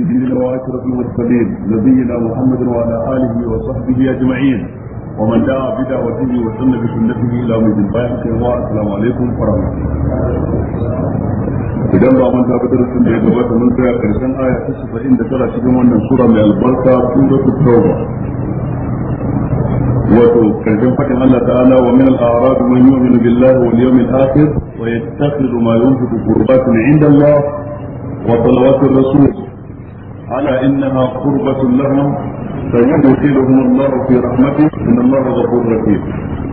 المسجدين واشرف المرسلين نبينا محمد وعلى اله وصحبه اجمعين ومن دعا بدعوته وسن بسنته الى يوم الدين السلام عليكم ورحمه الله idan ba mun tabbata da sun da ya gabata mun tsaya karshen aya ta 79 cikin wannan sura mai albarka tun da suratul tauba wato karshen fadin Allah ta'ala wa min al-a'rab man yu'minu billahi wal yawmil akhir wa yattakhidhu ma yunfiqu qurbatan 'inda Allah wa salawatu rasul ألا إنها قربة لهم سيدخلهم الله في رحمته إن الله غفور رحيم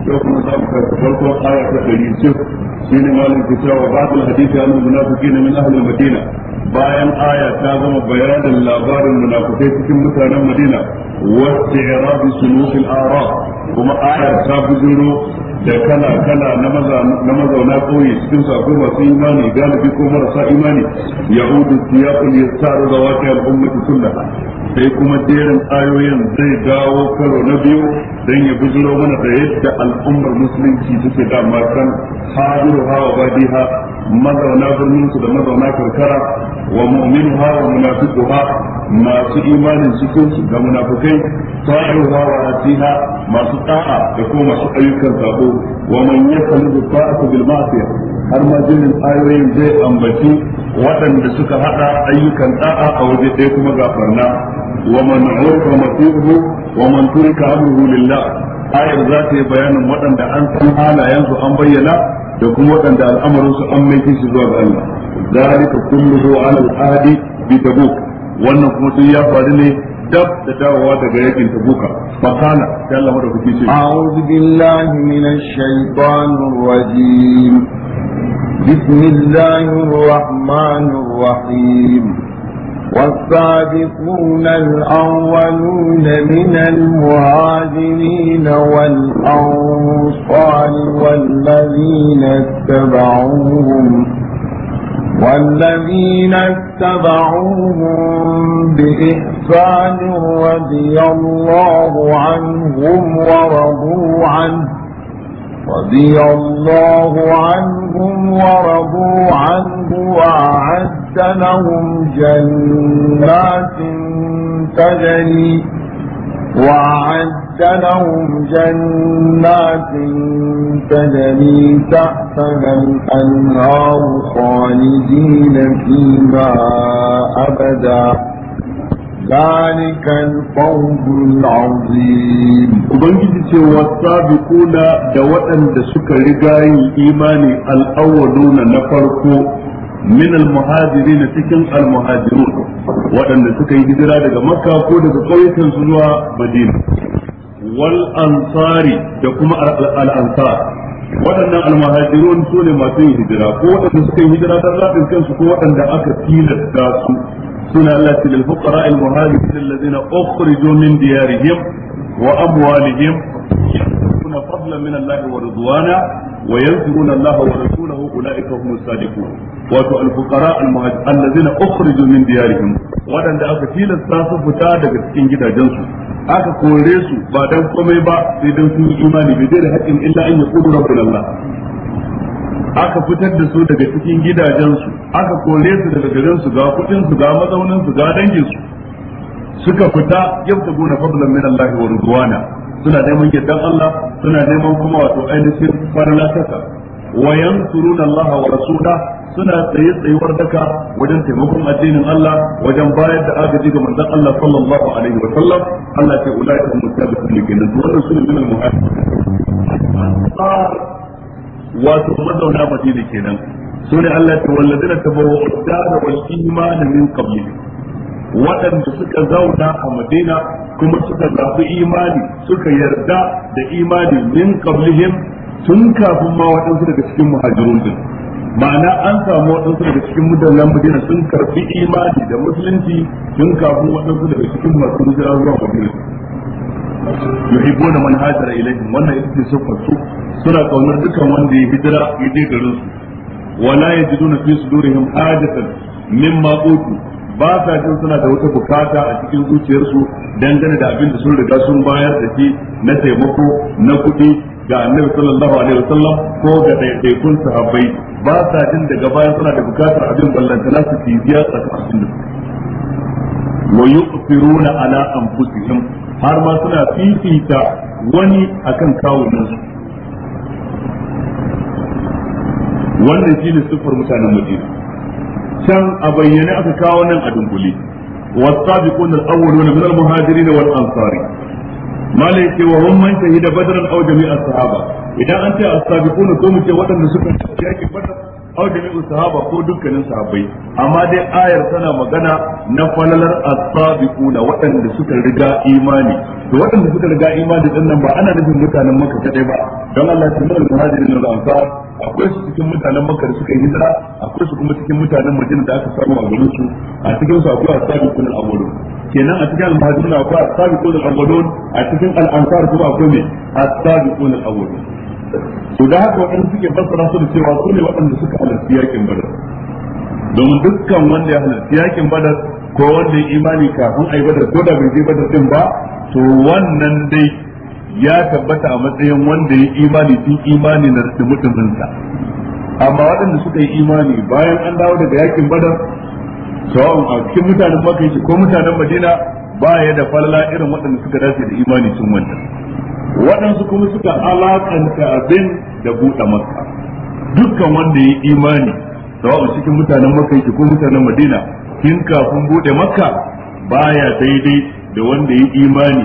يقول ذلك فرق آية تقريب حين قال الكتاب وبعض الحديث عن المنافقين من أهل المدينة bayan aya ta zama bayanin labarin munafukai cikin mutanen Madina wa i'rab sunusul a'rab kuma aya ta bujuro da kala kala na mazauna ƙauye cikin sako masu imani galibi ko marasa imani yahudu siyaqul da zawati al-ummati kullaha sai kuma jerin ayoyin zai dawo karo na biyu dan ya bujuro mana da yadda al'ummar musulunci suke da matan hadiruha wa badiha mazauna birnin su da mazauna karkara wa mu'minuha wa munafiquha masu imanin cikin su da munafikai ta'iruha wa asiha masu ɗa'a da kuma masu ayyukan sabo wa man yakhlu ta'atu bil ma'siyah har ma jinin ayoyin zai ambaci waɗanda suka hada ayyukan ɗa'a a waje ɗaya kuma gafarna wa man urfa masihu wa man turika amruhu lillah ayar za ta yi bayanin waɗanda an san halayensu an bayyana da kuma waɗanda al'amarinsu an mai shi zuwa ga Allah zalika kulluhu ala al-ahdi bi tabuk wannan kuma duk ya faru ne دب تداوى دقائق تبوك فقال يلا أعوذ بالله من الشيطان الرجيم بسم الله الرحمن الرحيم والسابقون الأولون من المهاجرين والأنصار والذين اتبعوهم والذين اتبعوهم بإحسان رضي الله عنهم ورضوا عنه رضي الله عنهم ورضوا عنه وأعد لهم جنات تجري وأعد لهم جنات تجري تحتها الأنهار خالدين فيها أبدا ذلك الفوز العظيم وبنجد والسابقون دوأن دسك رجاي إيماني الأولون نفرقوا min al-muhajirin cikin al-muhajirun waɗanda suka yi hijira daga makka ko daga ƙauyukan zuwa madina wal ansari da kuma al-ansar waɗannan al-muhajirun su masu yin hijira ko waɗanda suka yi hijira don zaɓin kansu ko waɗanda aka tilasta su suna Allah ce lil fuqara al muhajirin alladhina wa wa wato alfuqara almuhajir allazina ukhrijo min diyarihim wadanda aka tilasta su fita daga cikin gidajensu aka kore su ba dan komai ba sai dan sun imani bi da haƙin illa an yaqulu rabbuna aka fitar da su daga cikin gidajensu aka kore su daga garin su ga kudin su ga mazaunin su ga dangin su suka fita yabtaguna fadlan min Allah wa ridwana suna neman yardan Allah suna neman kuma wato ainihin farlataka wa yansuruna Allah wa rasulahu suna tsaye tsayuwar daka wajen taimakon addinin Allah wajen bayar da agaji ga manzon Allah sallallahu alaihi wa sallam Allah ce ulai ta mutabiqun kenan su wannan sunan min al-muhajirin wato mazauna madina kenan sune Allah ta walladina tabawu ad-dar wal iman min qabli. waɗanda suka zauna a madina kuma suka zaɓi imani suka yarda da imani min qablihim tun kafin ma waɗansu daga cikin muhajirun din ma'ana an samu waɗansu daga cikin mutanen Madina sun karfi imani da musulunci sun kafu waɗansu daga cikin masu hijira zuwa Madina yuhibbuna man hajara ilaihim wannan ita ce sifar suna kaunar dukkan wanda ya hijira ya je garin su wala yajiduna fi sudurihim hajatan mimma utu ba sa jin suna da wata bukata a cikin zuciyarsu dangane da abin da sun riga sun bayar da shi na taimako na kuɗi ga annabi sallallahu alaihi wasallam ko ga ɗaiɗaikun sahabbai ba sa jin daga baya suna da bukatar abin ballantana su fi biya tsakanin da wa na ala anfusihim har ma suna fifita wani akan kawunan su wannan shine sifar mutanen Madina can a bayyane aka kawo nan a dunkule والسابقون الأولون من المهاجرين والأنصار mala yake wa hum man shahida badran aw jami'a sahaba idan an ce as-sabiquna ko mu ce waɗanda suka yake badar aw jami'u sahaba ko dukkanin sahabbai amma dai ayar tana magana na falalar asabi kuna waɗanda suka riga imani to waɗanda suka riga imani din nan ba ana nufin mutanen maka kaɗai ba don Allah ta nuna muhajirin da ansar akwai su cikin mutanen maka da suka yi hijira akwai su kuma cikin mutanen Madina da aka samu a garin su a cikin su akwai asabi kuna al kenan a cikin al-muhajirin akwai as-sabiqun al a cikin al'ansar kuma akwai mai as-sabiqun al to da haka wani suke fassara su da cewa su ne waɗanda suka halarci yakin badar domin dukkan wanda ya halarci yakin badar ko wanda ya imani kafin a yi badar ko da bai je badar din ba to wannan dai ya tabbata a matsayin wanda ya imani tun imani na da mutuminsa amma waɗanda suka yi imani bayan an dawo daga yakin badar sawa'un a cikin mutanen makaici ko mutanen madina ba ya da falala irin waɗanda suka dace da imani sun wannan waɗansu kuma suka alakanta abin da buɗe maka. dukkan wanda ya imani sawa'un cikin mutanen maka yake ko mutanen madina kin kafin buɗe maka, baya daidai da wanda ya imani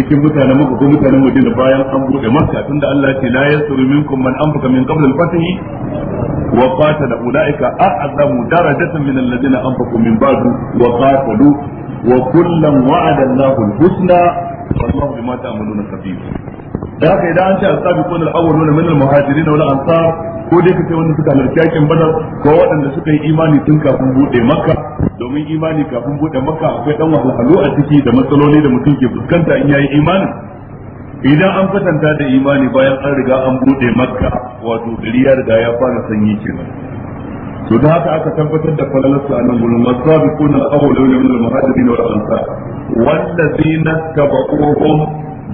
cikin mutanen maka ko mutanen madina bayan an buɗe maka. tunda Allah ce la yasru minkum man anfaqa min qabl al-fath wa qatala ulaika a'zamu darajatan min alladhina anfaqu min ba'du wa qatalu wa kullam wa'ada Allahu al-husna wallahu bima ta'maluna khabir da haka idan an ce as-sabiquna al-awwaluna min al-muhajirin wal ansar ko dai kace wanda suka halarci yakin badar ko waɗanda suka yi imani tun kafin bude makka domin imani kafin bude makka akwai dan wahalhalu a ciki da matsaloli da mutum ke fuskanta in yayi imani idan an fatanta da imani bayan an riga an bude makka wato gari ya riga ya fara sanyi kenan to da haka aka tabbatar da falalarsu a nan gurin wasabiqun al-awwaluna min al-muhajirin wal ansar wallazina tabaquhum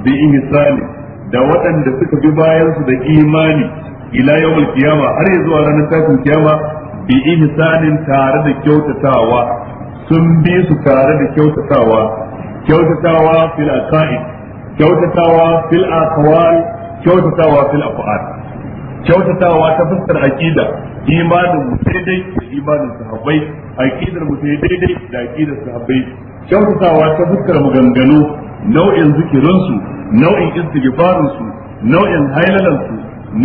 bi ihsani da waɗanda suka bi bayan su da imani ila yawmul qiyama har ya zuwa ranar tashin kiyama bi ihsanin tare da kyautatawa sun bi su tare da kyautatawa kyautatawa fil aqaid kyautatawa fil aqwal kyautatawa fil af'al kyautatawa ta fuskar aƙida, imanin mu daidai da imanin sahabbai aƙidar mu daidai da aqidar sahabbai kyautatawa ta fuskar maganganu nau'in zikirin nau'in istighfarin su nau'in hailalan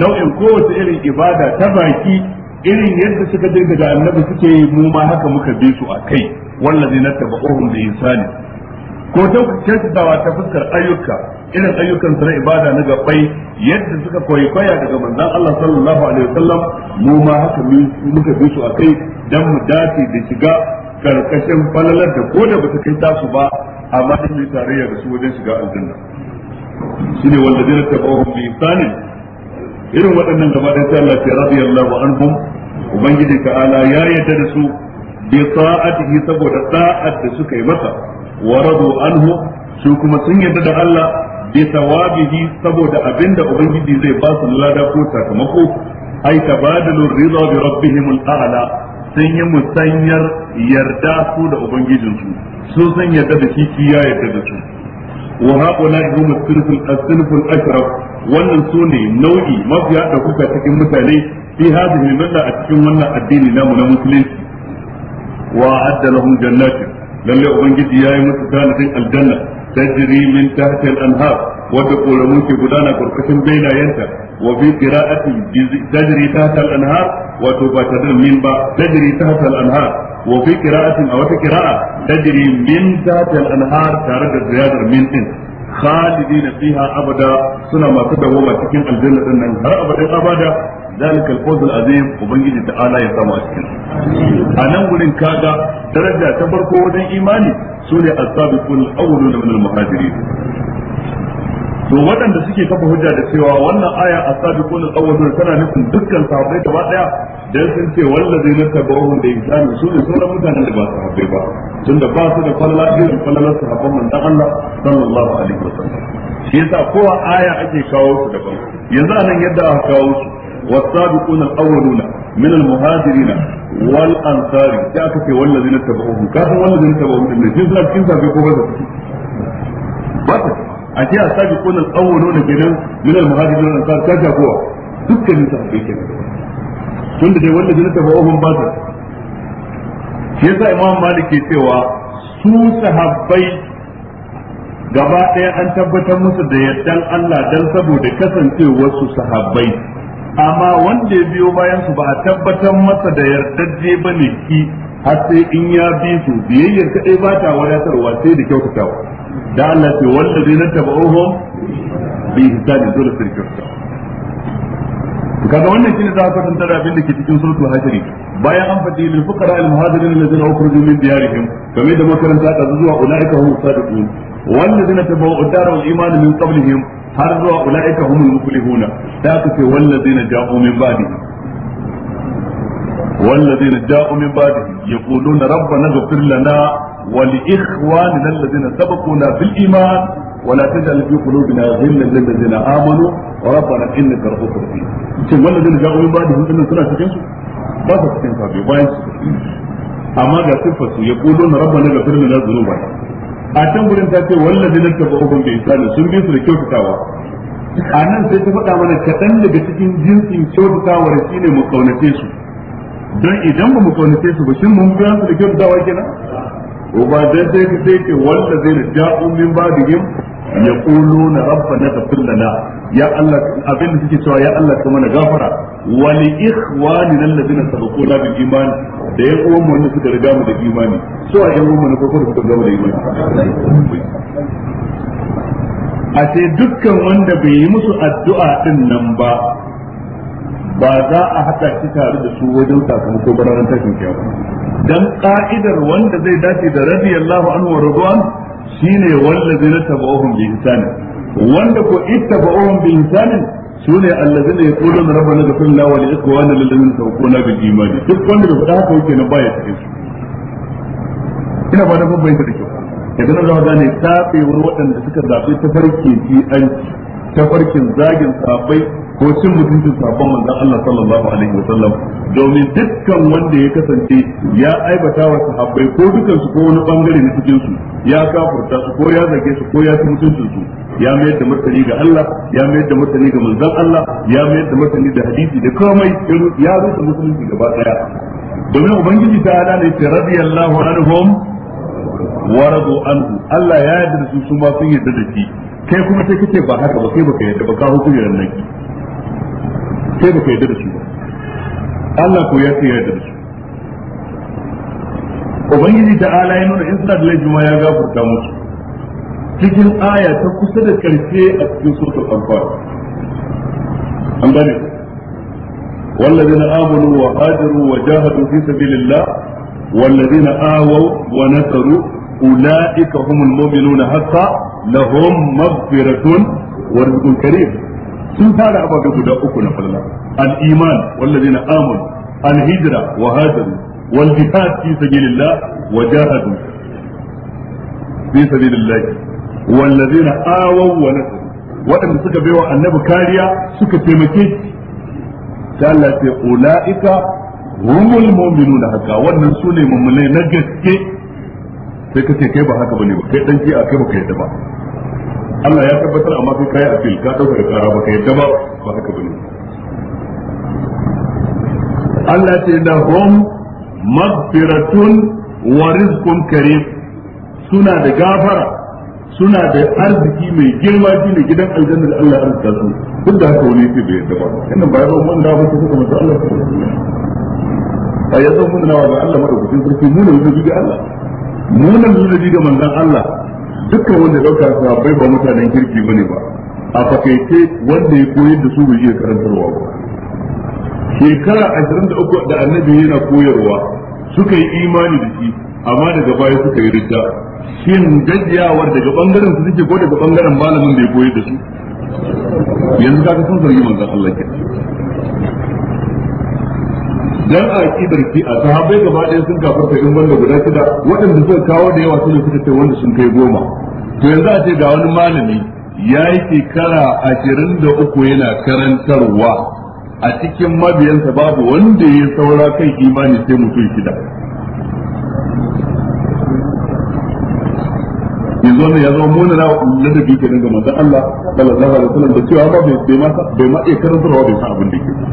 nau'in kowace irin ibada ta baki irin yadda suka dinga da annabi suke yi mu ma haka muka bi su a kai, akai wallazina tabauhum bi insani ko kyautatawa ta fuskar ayyuka irin ayyukan su na ibada na gabai yadda suka koyi koya daga manzon Allah sallallahu alaihi wasallam mu ma haka muka bi su akai dan mu dace da shiga karkashin falalar da ko da ba ta kai tasu ba amma din mai tarayya da su wajen shiga aljanna shine wanda ta bawo bi ihsani irin waɗannan gaba da Allah ta radiyallahu anhum ubangiji ta'ala ya yarda da su bi ta'atihi saboda da'at da suka yi masa wa radu anhu su sun yarda da Allah bi sawabihi saboda abinda ubangiji zai basu su ko sakamako ai tabadalu ridha bi rabbihim al-a'la sun yi musanyar yarda su da ubangijinsu su sun yarda da shi ya yarda da su wa haƙula ihu musulfin ashraf wannan sune nau'i mafiya da kuka cikin mutane fi hadhihi milla a cikin wannan addini namu na musulunci wa adda lahum jannatin lalle ubangiji yayi musu tanadin aljanna tajri min tahti al-anhar wadda koramu ke gudana karkashin bainayenta wa bi qira'ati tajri tahta al-anhar wato ba tadrin min ba tajri tahta al-anhar wa fi qira'atin aw ta qira'a tajri min tahti al-anhar tare da ziyadar min din khalidina fiha abada suna masu dawoma cikin aljanna din nan har abadan abada zalika alfawzul azim ubangiji ta'ala ya samu a cikin a nan gurin kaga daraja ta farko wajen imani sune as-sabiqul awwalun min al-muhajirin to waɗanda suke kafa hujja da cewa wannan aya a sabiqun al-awwalun tana nufin dukkan sahabbai gaba daya dan sun ce wallazi na tabahu da insani su ne sauran mutanen da ba su haɓe ba tunda ba su da falla irin fallalar sahabban manzon Allah sallallahu alaihi wasallam shi yasa kowa aya ake kawo su daban yanzu anan yadda aka kawo su والسابقون الأولون من المهاجرين والأنصار جاءك في والذين تبعوهم كافوا والذين تبعوهم إن جزنا كيف بيقوا هذا بس أشياء السابقون الأولون كنا من المهاجرين والأنصار كذا هو دكا من تحقيق tun da dai wanda jini ta ba'ohun ba ta shi yasa imam malik ke cewa su sahabbai gaba ɗaya an tabbatar musu da yardan Allah dan saboda kasancewar su sahabbai amma wanda ya biyo bayan su ba a tabbatar masa da yardajje ba ne ki har sai in ya bi su biyayyar kaɗai ba ta wadatarwa sai da kyautatawa da Allah ce wanda zai nan taba'uhum bi hisani dole sai kyautatawa kaga wannan shine za ka tantara abin da ke cikin suratul hashri bayan an faɗi lil fuqara al muhajirin allazina ukhrijoo min diyarihim kamar da makaranta ta zuwa ulaika hum sadiqun والذين تبوا الدار والإيمان min qablihim har zuwa ulaika humul muflihuna da aka ce wallazina ja'u min ba'di wallazina ja'u min ba'di yaquluna rabbana ighfir lana wa li ikhwanina alladhina sabaquna bil iman wa la taj'al fi qulubina ghillan lil ladzina amanu rabbana innaka ra'ufur rahim ce wallazina ja'u min ba'di hum suna cikin su ba su cikin sabi bayan su amma ga sifatu yaquluna rabbana ighfir lana dhunubana a can gurin ta ce wallazi na taba ubun bai isani sun bi su da kyautatawa a nan sai ta faɗa mana kaɗan daga cikin jinsin kyautatawar shi ne mu kaunace su don idan ba mu kaunace su ba shin mun biya su da kyautatawa kenan ko ba zai sai ka sai ce wallazi na ja'u min ba'dihim Ya yaquluna rabbana ighfir lana ya Allah abin da suke cewa ya Allah ka mana gafara wa li ikhwanina alladhina na bil iman da ya uwan mu wanda suka riga mu da imani su a yan uwan mu ko da suka riga mu da imani a ce dukkan wanda bai yi musu addu'a din nan ba ba za a haɗa shi tare da su wajen sakamako ba ranar tashin kiyama dan ka'idar wanda zai dace da radiyallahu anhu wa radwan shine wallazina tabauhum bi ihsan wanda ko ittabauhum bi ihsan sune allazina yaquluna rabbana ghfir lana wa li ikhwana alladhina sabaquna bil iman duk wanda bai faɗa haka yake na baya cikin su ina ba da babban da kyau idan Allah ya gane tsafewar waɗanda suka zaɓi tafarkin ci an tafarkin zagin sabai ko cin mutuncin sabon manzon Allah sallallahu alaihi wasallam domin dukkan wanda ya kasance ya aibata wa sahabbai ko dukan su ko wani bangare na cikin su ya kafurta su ko ya zage su ko ya ci mutuncin su ya mayar da martani ga Allah ya mayar da martani ga manzon Allah ya mayar da martani da hadisi da komai ya rusa musulunci gaba daya domin ubangiji ta ala ne ce radiyallahu anhum wa radu anhu Allah ya yarda da su su ma sun yarda da shi kai kuma sai kace ba haka ba kai baka yarda ba ka hukunci nan sai baka yarda da su ba Allah ko ya ce ya yarda da ubangiji ta ala ya nuna in suna da laifi ma ya gafarta musu cikin aya ta kusa da karshe a cikin suratul anfal an gane والذين آمنوا وهاجروا وجاهدوا في سبيل الله والذين آووا ونصروا أولئك هم المؤمنون حقا لهم مغفرة ورزق كريم sun fara abaga guda uku na falala al-iman wallazina amanu al-hijra wa hajaru wal jihad fi sabilillah wa jahadu fi sabilillah wallazina awaw wa nasaru waɗanda suka baiwa annabi kariya suka taimake shi ta Allah ce ulaika humul mu'minuna haka wannan sune mummunai na gaske sai kace kai ba haka bane ba kai dan ki a kai ba kai ba Allah ya tabbatar amma kai kai appeal ka dauka da kara baka yadda ba ba haka bane Allah ce da hum maghfiratun wa rizqun karim suna da gafara suna da arziki mai girma shine gidan aljanna da Allah ya su duk da haka wani yake bai yadda ba kana ba ba mun da ba su kuma Allah ya zo mun nawa Allah madaukakin sarki mu ne mu bi Allah mu ne mu ga manzon Allah dukkan wanda dauka bai ba mutanen kirki bane ba a fakaice wanda ya koyar da su bai iya karantarwa ba shekara ashirin da uku da annabi yana koyarwa suka yi imani da shi amma daga baya suka yi ridda shin gajiyawar daga bangaren su suke ko daga bangaren malamin da ya koyar da su yanzu kaga sun zargi manzon Allah kenan dan a akidar ki a sahabbai gaba ɗaya sun kafarta in wanda guda shida waɗanda suka kawo da yawa su ne suka ce wanda sun kai goma to yanzu a ce ga wani malami ya yi shekara ashirin da uku yana karantarwa a cikin mabiyansa babu wanda ya saura kan imani sai mutum shida yanzu wannan ya zama munana na ladabi kenan ga manzon Allah sallallahu alaihi wasallam da cewa ba bai ma bai ma iya karantarwa bai san abin da yake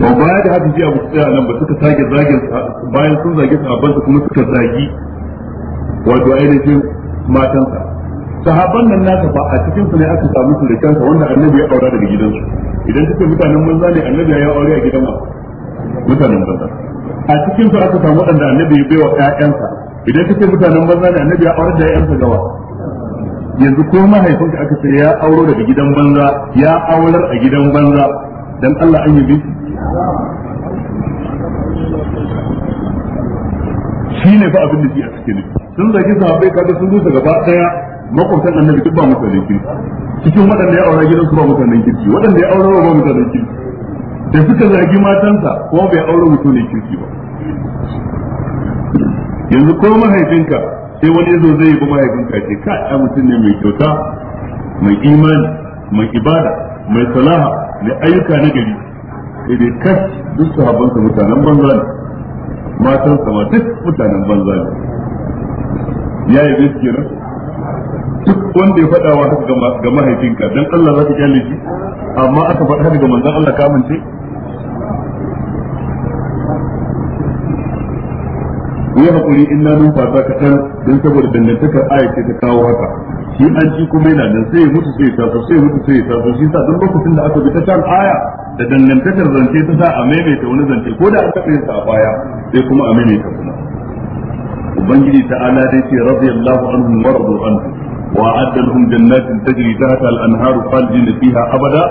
ba baya da haka jiya musu tsaya nan ba suka sake zagin bayan sun zage sahabban su kuma suka zagi wato ainihin matansa sahabban nan nasa ba a cikin su ne aka samu su da kansa wanda annabi ya aura daga gidansu idan kace mutanen manza ne annabi ya aure a gidan ba mutanen manza a cikin su aka samu wanda annabi ya baiwa ƴaƴansa idan kace mutanen manza ne annabi ya aure da ƴaƴansa gawa yanzu ko mahaifinka aka ce ya auro daga gidan banza ya aurar a gidan banza dan Allah an yi biki shi ne fa abin da ke a cikin sun zaki sahabbai kada sun rusa gaba daya makwabtan annabi duk ba mutanen kirki cikin waɗanda ya aura gidansu ba mutanen kirki waɗanda ya aura ba mutanen kirki da suka zagi matansa ko bai aure mutumin kirki ba yanzu ko mahaifinka sai wani yazo zai yi mahaifinka ce ka ya mutum ne mai kyauta mai imani mai ibada mai salaha mai ayyuka na gari idan dai duk sahabban ka mutanen banza ne matan sama duk mutanen banza ne ya yi bai kenan duk wanda ya faɗa wa haka ga mahaifinka dan Allah za ka kyale shi amma aka faɗa haka ga manzon Allah ka amince yi hakuri in na numfasa kaɗan don saboda dangantakar ayyuka ta kawo haka shi an ci kuma yana nan sai mutu sai ya sai mutu sai ya shi sa duk lokacin da aka bi ta kan aya da dangantakar zance ta sa a maimaita wani zance ko da aka tsaye sa a baya sai kuma a maimaita kuma ubangiji ta ala dai ce radiyallahu anhu wa radu anhu wa adda lahum jannatin tajri tahta al-anharu khalidina fiha abada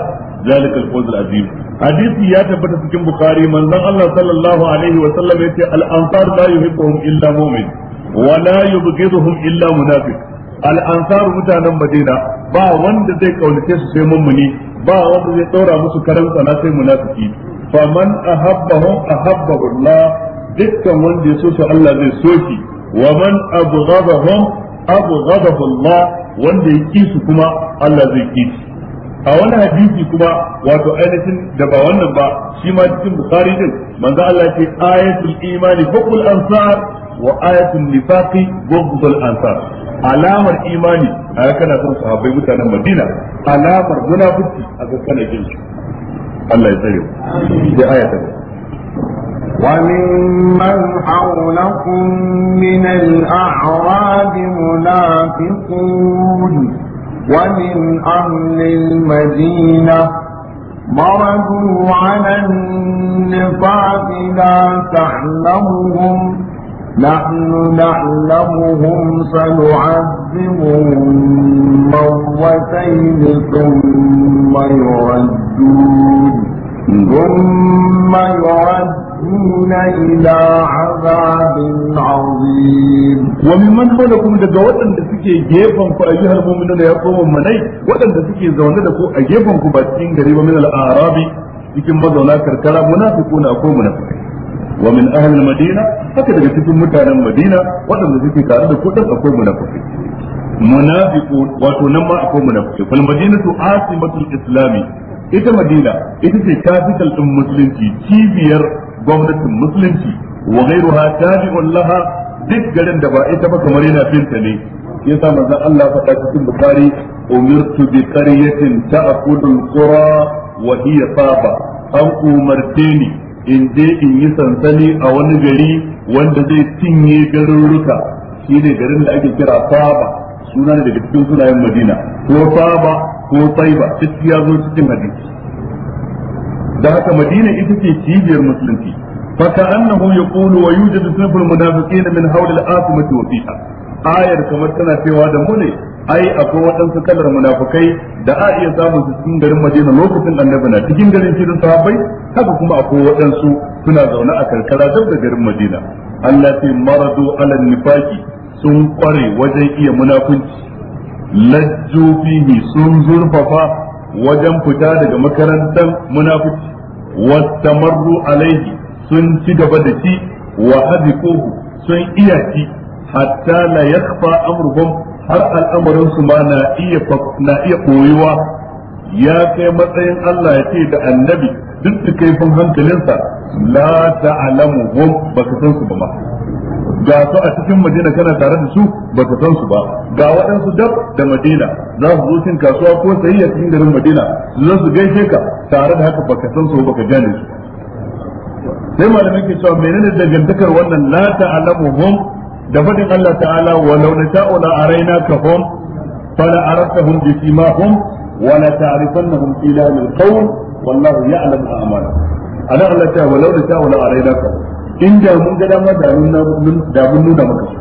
ذلك الفوز العظيم حديث يا تبت في البخاري من ذا الله صلى الله عليه وسلم يتي الأنصار لا يحبهم إلا مؤمن ولا يبغضهم illa منافق al'ansaru mutanen madina ba wanda zai kaunace su sai mummuni ba wanda zai ɗora musu karan sana sai munafiki faman ahabbahum ahabbahu Allah dukkan wanda ya so su Allah zai so shi wa man abghadahum abghadahu Allah wanda ya ki su kuma Allah zai ki shi a wani hadisi kuma wato ainihin da ba wannan ba shi ma cikin bukhari din manzo Allah ya ce ayatul imani hukul ansar wa ayatul nifaqi bughdul ansar alamar imani a kana son sahabbai mutanen Madina alamar munafiki a ga kana jin su Allah ya tsare da ayatul وممن حولكم من الأعراب منافقون ومن أهل المدينة مرضوا على النفاق لا تعلمهم نحن نعلمهم فنعذبهم مرتين ثم يردون ثم يردون إلى عذاب عظيم وممن حولكم دقوة تسكي جيفهم فأيها المؤمنون يقوم مني وأن لسكي زون لكم أجيفهم كباتين قريبا من الأعراب لكن مضونا كركلا منافقون أقوم منافقين wa min ahlil madina haka daga cikin mutanen madina waɗanda suke tare da kudin akwai munafiki munafiqu wato nan ma akwai munafiki fal madinatu asimatul islami ita madina ita ce capital ɗin musulunci cibiyar gwamnatin musulunci wa ghayruha duk garin da ba ita ba kamar yana finta ne yasa manzon Allah faɗa cikin bukari umirtu bi qaryatin ta'khudul qura wa hiya taba an umarteni in je in yi sansani a wani gari wanda zai cinye garuruka shine garin da ake kira Saba suna ne daga cikin sunayen Madina ko Saba ko Saiba duk ya zo cikin hadisi da haka Madina ita ce cibiyar musulunci fa ka annahu yaqulu wa yujadu sinful munafiqina min hawli al-asimati wa fiha ayar kamar tana cewa da mu ne ai akwai waɗansu kalar munafukai da a iya samun su cikin garin Madina lokacin annabi na cikin garin cikin sahabbai haka kuma akwai waɗansu suna zaune a karkara dab da garin Madina Allah ce maradu alal nifaki sun kware wajen iya munafunci lajju fihi sun zurfafa wajen fita daga makarantar munafiki wastamarru alaihi sun ci gaba da shi wa hadikuhu sun iya shi hatta la yakhfa amruhum har al'amarin su ma na iya na iya koyuwa ya kai matsayin Allah ya ce da annabi duk da kaifin hankalinsa la ta'lamuhum baka san su ba ma ga su a cikin madina kana tare da su ba ka san su ba ga waɗansu dab da madina za su zo cin kasuwa ko sayi a cikin garin madina za su gaishe ka tare da haka ba ka san su ba ka gane su sai malamin ke cewa menene dangantakar wannan la ta'lamuhum da faɗin Allah ta'ala walau nata'u la araynakahum fala araftahum bi simahum wa la ta'rifannahum ila al-qawl wallahu ya'lam a'malahum ana Allah ta a nata'u la araynakahum inda mun ga dama da mun da mun nuna maka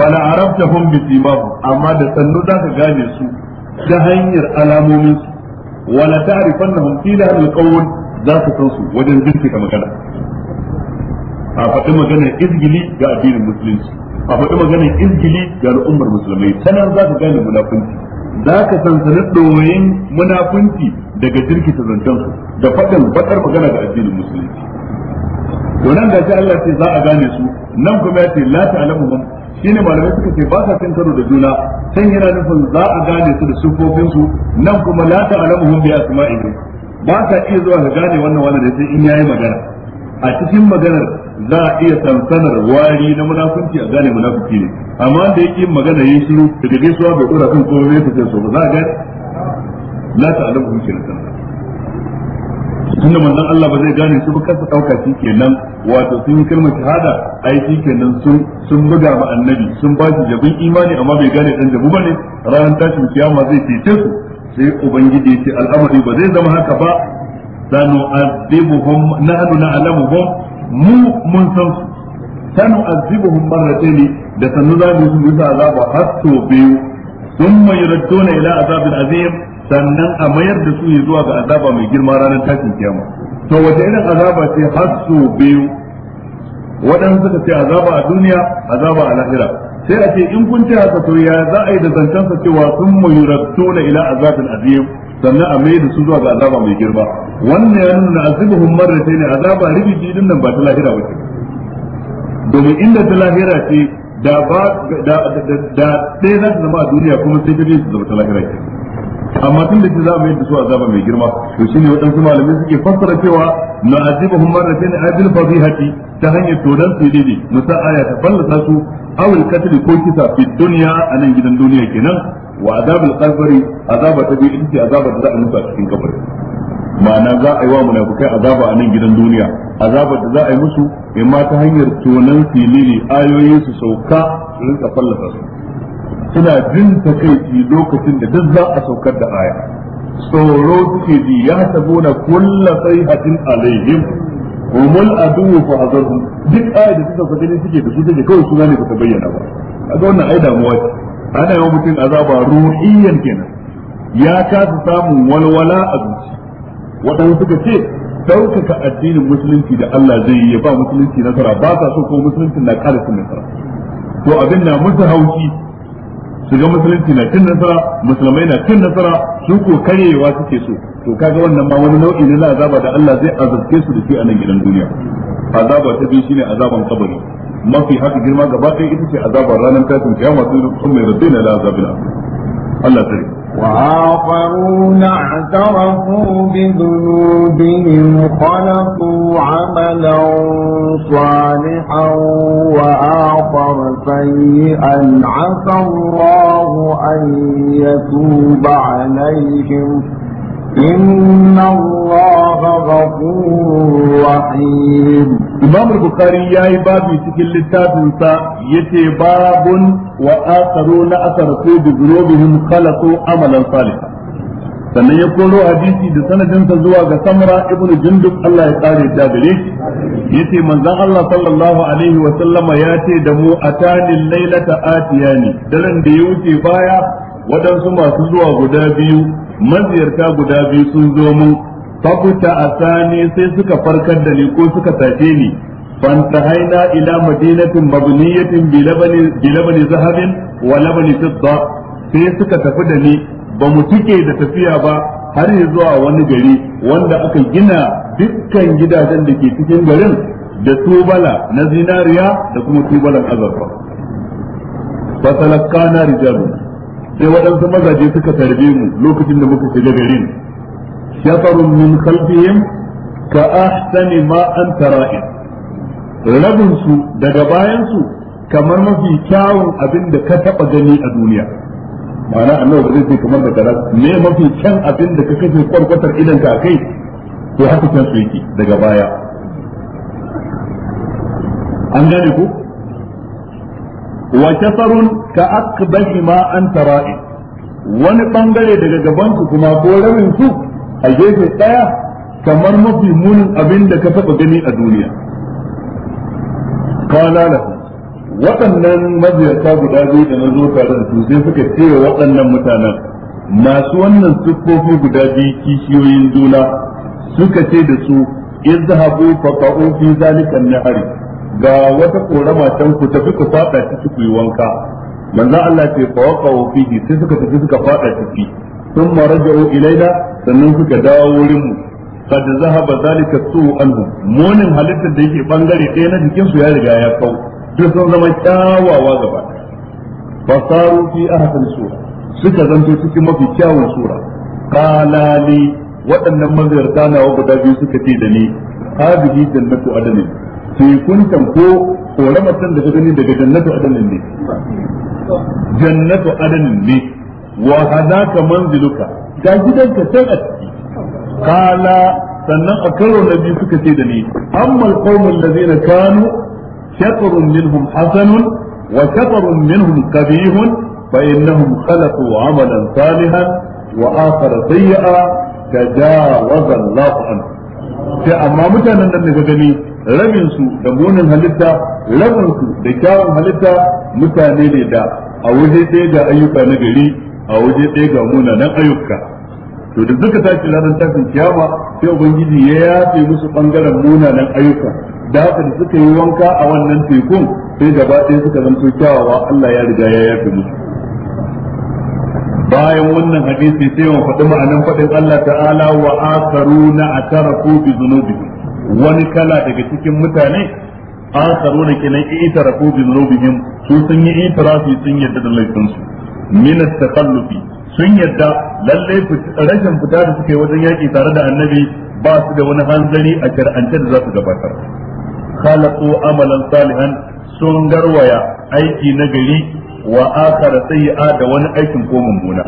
fala araftahum bi simahum amma da sannu za ka gane su ta hanyar alamomin su wala ta'rifannahum ila al kawun, za ka san su wajen bincika magana a faɗi maganar izgili ga addinin musulunci a faɗi maganar izgili ga al'ummar musulmai sanar za ka gane munafunci za ka sansanin ɗoyin munafunci daga jirkita zancen da faɗin baƙar magana ga addinin musulunci to nan da shi Allah ce za a gane su nan kuma ya ce la shi shine malamai suka ce ba sa cin karo da juna can yana nufin za a gane su da sufofin su nan kuma la ta'lamuhum bi asma'ihim ba sa iya zuwa ka gane wannan wannan da sai in yayi magana a cikin maganar za a iya sansanar wari na munafunci a gane munafunci ne amma da yake magana yin shiru daga gaisuwa bai dora kan komai ne kace so ba za a gane la ta'lamu na shirkan tunda manzon Allah ba zai gane su ba kansa dauka shi kenan wato sun yi kalmar shahada ai shi kenan sun sun buga ma annabi sun ba shi jabin imani amma bai gane dan jabu bane ranar tashin kiyama zai cece su sai ubangiji ya ce al'amari ba zai zama haka ba na nahnu na'lamuhum mu mun san su sanu azibuhum marratayn da sanu za mu yi azaba har to biyu thumma yuradduna ila azabil azim sannan a mayar da su zuwa ga azaba mai girma ranar tashin kiyama to wata irin azaba ce har to biyu waɗansu suka ce azaba a duniya azaba a lahira sai a ce in kun ce haka to ya za a yi da zancensa cewa sun mu ila azabin azim sannan a mai da su zuwa ga azaba mai girma wannan ya nuna azibuhum marratayn azaba ribiji din nan ba ta lahira ba ce domin inda ta lahira ce da ba da ɗaya za ta zama a duniya kuma sai ta je su zama ta lahira ce amma tun da shi za mu yi da su azaba mai girma to shine waɗansu malamai suke fassara cewa na azibuhum marratayn ajil fadihati ta hanyar todan su dai musa aya ta ballata su aw al qatl ko kisa fi dunya anan gidan duniya kenan wa azab al qabri azaba ta bi ce azaba da za a musa cikin kabari ma'ana za a yi wa munafukai azaba a nan gidan duniya azabar da za a yi musu imma ta hanyar tonan filili ayoyin su sauka su rinka fallasa su suna jin takaici lokacin da duk za a saukar da aya tsoro suke ji ya sabuna kulla sayhatin alaihim humul aduwwu fa hazarhum duk aya da suka gani suke da su take kawai su gane ta bayyana ba kaga wannan ai damuwa ce ana yawan mutum azaba ruhiyyan kenan ya kasa samun walwala a zuci wadanda suka ce daukaka addinin musulunci da Allah zai yi ya ba musulunci nasara ba sa so ko musulunci na kara su nasara to abin na musu haushi su musulunci na cin nasara musulmai na cin nasara su ko karyewa suke so to kaga wannan ma wani nau'i ne na azaba da Allah zai azabce su da shi a nan gidan duniya azaba ta biyu shine azaban kabari mafi haka girma gaba ɗaya ita ce azabar ranar tashin kiyama sun mai rabbina la azabil Allah tare وآخرون اعترفوا بذنوبهم خلقوا عملا صالحا وآخر سيئا عسى الله أن يتوب عليهم Imam Al-Bukhari ya yi رحيم cikin littafinsa, yace babun تكل na na باب وآخرون أثروا بذنوبهم خلقوا amalan صالحا sannan ya koro hadisi da sanadinsa zuwa ga samra ibn jundub Allah ya kare ta gare Ya yace manzon Allah sallallahu alaihi wa sallama ya ce da mu atani lailata atiyani daren da ya wuce baya wadansu masu zuwa guda biyu maziyarta guda biyu sun zo mun fakuta Sani sai suka farkar da ni ko suka tafe ni ila madinatin mabniyatin bi labani zahabin wa labani fidda sai suka tafi da ni ba mu tike da tafiya ba har zuwa wani gari wanda aka gina dukkan gidajen da ke cikin garin da tubala na zinariya da kuma tubalan azurfa fa talaqqana rijalun sai waɗansu mazaje suka tarbe mu lokacin da muka shiga garin shafarun min khalfihim ka ahsani ma an tara'in rabin su daga bayan su kamar mafi kyawun abin da ka taba gani a duniya ma'ana annabi zai ce kamar da karas me mafi kyan abin da ka kace kwarkwatar idan ka kai to haka kan su yake daga baya an gane ku wa kasarun ka akbahi ma an tara'i wani bangare daga gaban ku kuma ko rabin su a gefe daya kamar mafi munin abin da ka taba gani a duniya qala lahu waɗannan maziyarta guda biyu da na zo tare da su suka ce waɗannan mutanen masu wannan siffofi guda biyu kishiyoyin juna suka ce da su izhabu faqa'u fi zalika nahari ga wata korama can ku tafi ku fada ciki ku yi wanka manzo Allah ce fa waqa fihi sai suka tafi suka fada ciki sun maraja'u ilaina sannan suka dawo wurin mu kad zahaba zalika su'u anhum munin halittar da yake bangare ɗaya na jikin su ya riga ya kau duk sun zama kyawawa gaba saru fi ahsan sura suka zanto cikin mafi kyawun sura qala li waɗannan maziyarta nawa guda biyu suka ce da ni hadhihi jannatu adnin tekuntan ko koramar da gani daga jannatu adanin ne jannatu adanin ne wa hadaka manziluka ga gidanka can a ciki kala sannan a karo na biyu suka ce da ni ammal qaumul ladzina kanu shatrun minhum hasanun wa shatrun minhum qabihun fa innahum khalaqu amalan salihan wa akhara sayyi'a tajawaza Allah an sai amma mutanen nan da gani rabin su da munin halitta rabin su da kyawun halitta mutane ne da a waje ɗaya ga ayyuka na gari a waje ɗaya ga munanan ayyuka to da duka tashi ranar tashin kiyama sai ubangiji ya yafe musu bangaren munanan ayyuka da haka da suka yi wanka a wannan tekun sai gaba ɗaya suka zanto kyawawa Allah ya riga ya yafe musu bayan wannan hadisi sai wa faɗi ma'anan faɗin Allah ta'ala wa akaruna atarafu bi zunubi wani kala daga cikin mutane da akharuna kenan i'tarafu bi robin su sun yi itirafi sun yadda da laifinsu minas at sun yadda lallai rashin fita da suka wajen yaki tare da annabi ba su da wani hanzari a shar'ance da za su gabatar khalaqu amalan salihan sun garwaya aiki na gari wa akhara sayyi'a da wani aikin ko mummuna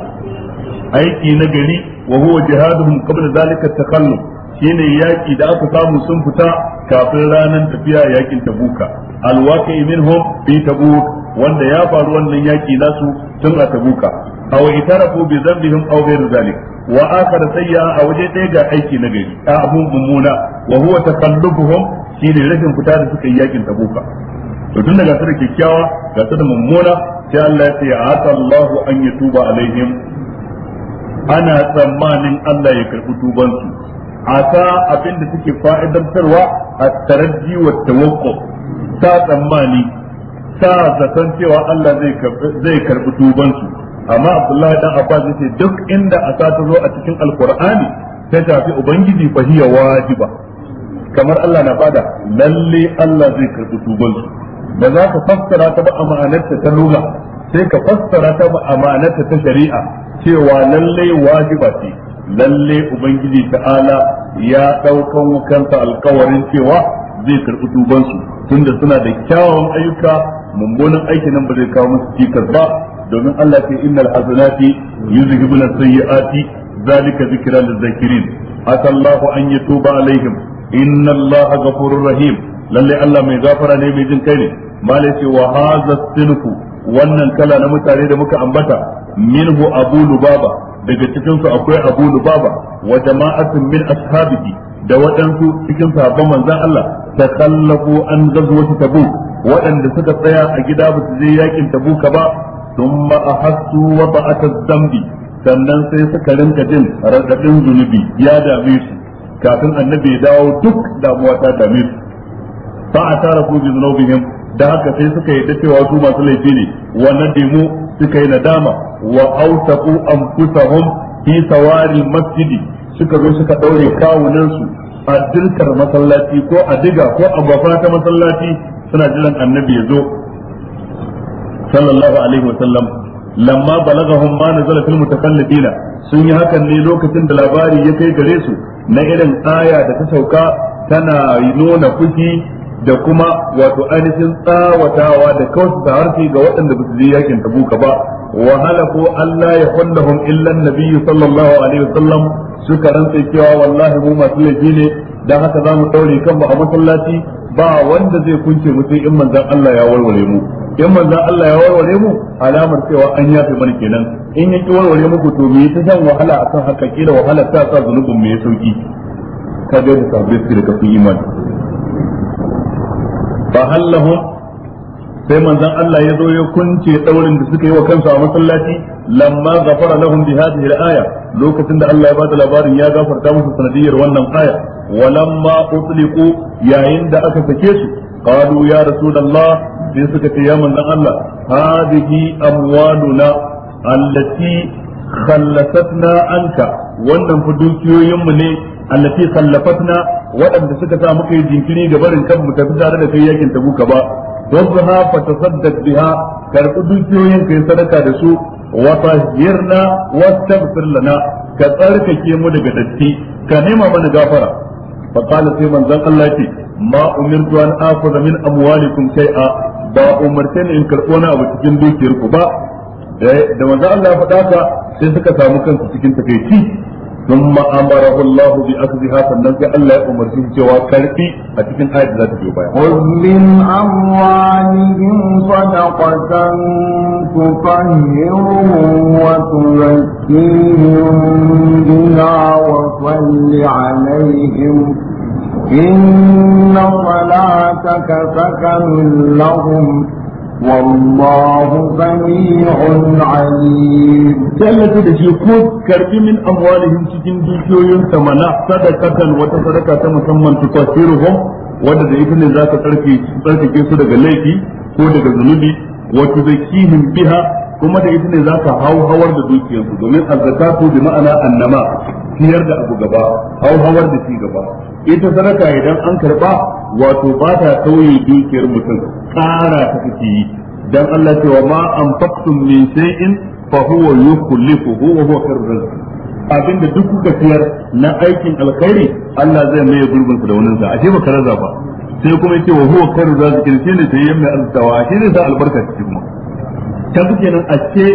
aiki na gari wa huwa jihaduhum qabla zalika at shine yaki da aka samu sun fita kafin ranar tafiya yakin tabuka imin hom bi tabuk wanda ya faru wannan yaki nasu tun a tabuka aw itarafu bi dhanbihim aw ghayr zalik wa akhar sayya a waje ɗaya ga aiki na gari a abun mummuna wa huwa takallubuhum shine rashin fita da suka yi yakin tabuka to tun daga su da kyakkyawa ga mummuna sai Allah ya ce atallahu an yatuba alaihim ana tsammanin Allah ya karɓi tubansu asa abin da suke fa'idantarwa a taraji wa tawakko ta tsammani sa zaton cewa Allah zai karbi tubansu amma Abdullahi dan Abbas yace duk inda a ta zo a cikin alkur'ani ta shafi ubangiji fa wajiba kamar Allah na bada lalle Allah zai karbi tubansu ba za ka fassara ta ba amanarta ta lugha sai ka fassara ta ba amanarta ta shari'a cewa lalle wajiba ce lalle ubangiji ta'ala ya daukan kansa alkawarin cewa zai karbi su. tunda suna da kyawawan ayyuka mummunan aikin nan ba zai kawo musu cikas ba domin Allah ce innal hasanati yuzhibuna sayyiati zalika zikra lizakirin atallahu an yatuba alaihim inna Allah ghafurur rahim lalle Allah mai gafara ne mai jin kai ne malai ce wa hadha wannan kala na mutane da muka ambata minhu abu lubaba daga cikinsu akwai Abu Lubaba wa jama'atun min ashabihi da waɗansu cikin sahabban manzon Allah takallaqu an ghazwati tabu waɗanda suka tsaya a gida ba su je yakin buka ba a ahassu wa ba'ata zambi sannan sai suka rinka jin radadin zunubi ya dame su kafin annabi ya dawo duk damuwa ta dame su fa atara ku bi zunubihim da haka sai suka yadda cewa su masu laifi ne wa nadimu suka yi nadama wa awsaqu anfusahum fi sawari masjidi suka zo suka daure kawunan su a dirkar masallaci ko a diga ko a gwafa ta masallaci suna jiran annabi ya zo sallallahu alaihi wasallam lamma balagahum ma nazala fil mutakallifina sun yi hakan ne lokacin da labari ya kai gare su na irin aya da ta sauka tana nuna fushi da kuma wato ainihin tsawatawa da kawai da harshe ga waɗanda ba su je yakin tabuka ba wa halaku Allah ya kullahum illa nabiyyu sallallahu alaihi wasallam suka rantsa cewa wallahi mu masu laifi ne dan haka za mu daure kan mu a masallaci ba wanda zai kunce mu sai in manzon Allah ya warware mu in manzon Allah ya warware mu alamar cewa an yafe mana kenan in yake warware muku to me ta shan wahala akan haka kila wahala ta sa zunubin me ya sauki kaga da sabbi da kafin imani fa hallahu sai manzon Allah ya zo ya kunce daurin da suka yi wa kansu a masallaci lamma ghafara lahum bi hadhihi al-aya lokacin da Allah ya bada labarin ya gafarta musu sanadiyar wannan aya walamma utliqu yayin da aka sake su qalu ya rasulullah sai suka ce ya manzon Allah hadhihi amwaluna allati khallasatna anka wannan fa mu ne allati sallafatna waɗanda suka sa muka yi jinkiri ga barin kan mu tafi tare da kai yakin tabuka ba dozuha fa tasaddaq biha karɓi dukiyoyin kai sadaka da su wa tahirna wastaghfir lana ka tsarkake mu daga datti ka nema mana gafara fa qala sai manzon Allah ce ma umirtu an akhudha min amwalikum shay'a ba umarce ni in karɓo na abu cikin dukiyarku ba eh, da manzon Allah ya faɗa ka sai suka samu kansu cikin takeici ثم امره الله باخذها sannan sai Allah ya umarci shi cewa karbi a cikin ayat da ta biyo baya qul min amwalihim sadaqatan tutahhiruhum wa tuzakkihim biha wa salli alaihim إن صلاتك سكن لهم والله سميع عليم جل تدشي خذ كرب من أموالهم تجن wata sadaka ta musamman مسمى تطهرهم wanda da ita ne za ka tsarkake su daga laifi ko daga zunubi wato zakihim biha kuma da ita ne za ka hau hawar da dukiyarsu domin azzakatu bi ma'ana annama siyar da abu gaba hau hawar da shi gaba ita sadaka idan an karba wato ba ta tauye dukiyar mutum ƙara ta kake yi dan Allah cewa ma an anfaqtum min shay'in fa huwa yukhlifuhu wa huwa khairur rizq abinda duk kuka siyar na aikin alkhairi Allah zai maye gurbin da wannan sa ashe baka raza ba sai kuma yace wa huwa khairur rizqin shine sai yamma alzawa shine da albarka ci kuma ta kenan ashe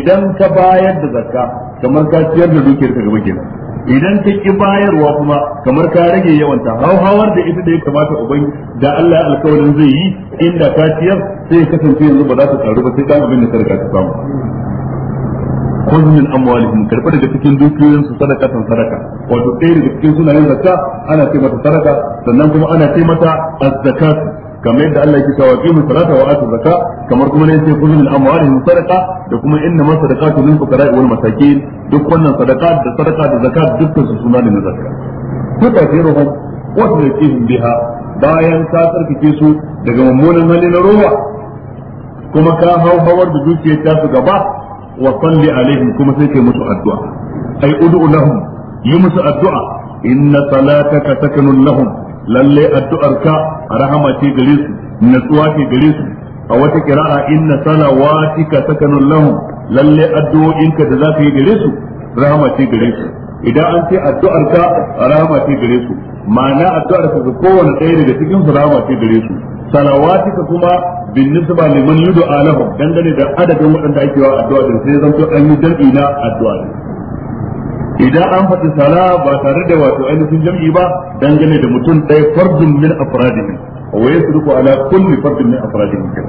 idan ka bayar da zakka kamar ka siyar da dukiyar ka gaba kenan idan ta ki bayarwa kuma kamar ka rage yawanta hauhawar da ita da ya kamata ubangi, da Allah alkawarin zai yi inda ta ciyar sai kasance yanzu ba za ta karu ba sai kan abin da ta riga ta samu kun min amwalihim karba daga cikin dukiyoyin su sadaka san sadaka wato ɗaya daga cikin sunayen zakka ana ce mata sadaka sannan kuma ana ce mata az kamar yadda Allah yake cewa qimu salata wa atu zakka kamar kuma ne yake kullu min amwalihim sadaqa da kuma inna ma sadaqatu lil fuqara wal masakin duk wannan sadaqa da sadaqa da zakat dukkan su suna ne na zakka duka firuhum wa tunqihim biha bayan ka tsarkake su daga mummunan hali na ruwa kuma ka hawar da dukiyar ta su gaba wa salli alaihim kuma sai kai musu addu'a ai ud'u lahum yi musu addu'a inna salataka sakanun lahum lalle addu'arka rahama ce gare su natsuwa ce gare su a wata kira'a inna salawatika sakanun lahum lalle addu'o'inka da zaka yi gare su rahama ce gare su idan an ce addu'arka rahama ce gare su ma'ana addu'arka ga kowane ɗaya daga cikin su rahama ce gare su salawatika kuma bin nisba liman yudu alahum dangane da adadin waɗanda ake wa addu'a din sai zanto an yi jam'i na addu'a idan an faɗi sala ba tare da wato ainihin jam'i ba dangane da mutum ɗaya fardun min Waye wa yasruku ala kulli fardin min ke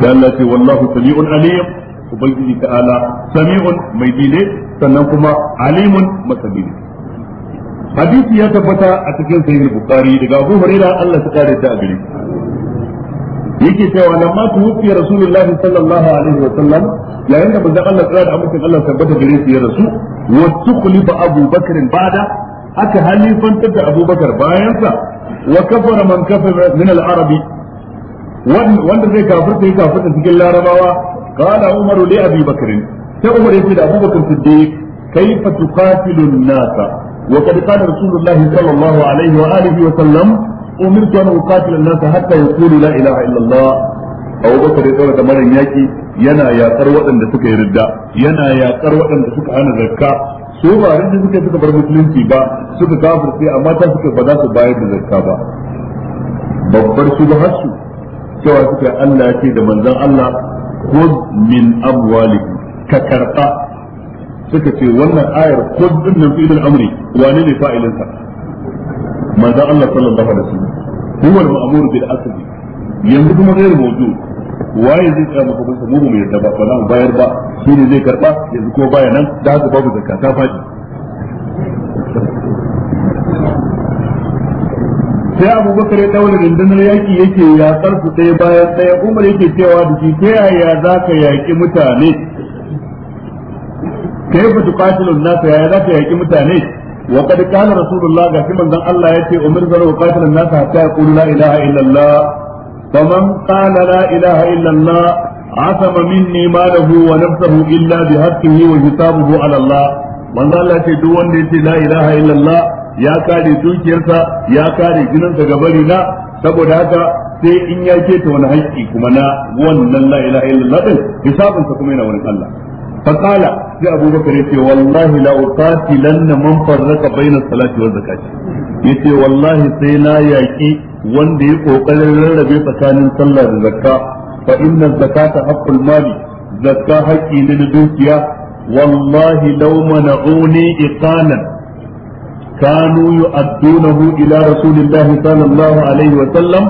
da Allah ce wallahu sami'un alim ubangiji ta'ala sami'un mai dine sannan kuma alimun masabili hadisi ya tabbata a cikin sahih bukhari daga Abu Hurairah Allah ya kare ta a gare yake cewa lamma tuwfi rasulullahi sallallahu alaihi wa sallam yayin da manzon Allah tsara da amincin Allah tabbata gare shi ya rasu wa tukhlifa Abu Bakr bada aka halifantar da Abu Bakar bayansa wa kafara man kafara min al-arabi wanda zai kafirta ya kafirta cikin larabawa qala Umar li Abi Bakr sai Umar yake da Abu Bakr Siddiq kayfa tuqatilu an-nasa وقد قال رسول الله صلى الله عليه wa sallam. umirtu an uqatila an-nas hatta ya la ilaha illa Allah Abu Bakar ya tsara da yaki yana yakar waɗanda suka yi ridda yana yakar waɗanda suka hana zakka su ba rinda suka suka bar musulunci ba suka kafirce amma ta suka ba za bayar da zakka ba babbar su ba hasu cewa suka Allah ya da manzan Allah khud min amwalihi ka karba suka ce wannan ayar khud din nan fi amri wane ne fa'ilinsa manzon Allah sallallahu alaihi wasallam huwa al-ma'mur bil asl yanzu kuma gairu mawdu waye zai tsaya maka kuma mu mai yadda ba ba za mu bayar ba shi ne zai karba yanzu ko baya nan da haka babu zakka ta faɗi sai abubakar ya daure rundunar yaki yake ya sarfu ɗaya bayan ɗaya umar yake cewa da shi ta yaya za ka yaƙi mutane kai ba na nasa yaya za ka yaƙi mutane وقد كان رسول الله قال من ذن الله يأتي أمر ذر وقاتل الناس حتى يقول لا إله إلا الله فمن قال لا إله إلا الله عصم مني ماله ونفسه إلا بحقه وحسابه على الله من ذن الله يأتي دون لا إله إلا الله ya kare dukiyarsa ya kare jininsa ga bari na saboda haka sai in ya keta wani haƙƙi kuma na wannan la ilaha illallah din hisabinsa kuma yana wani Allah فقال يا أبو بكر يتي والله لا أقاتلن من فرق بين الصلاة والزكاة يتي والله سينا يأتي وندي أقلل ربي فكان صلى الزكاة فإن الزكاة حق المال زكاة حقي للدوكية والله لو منعوني إقانا كانوا يؤدونه إلى رسول الله صلى الله عليه وسلم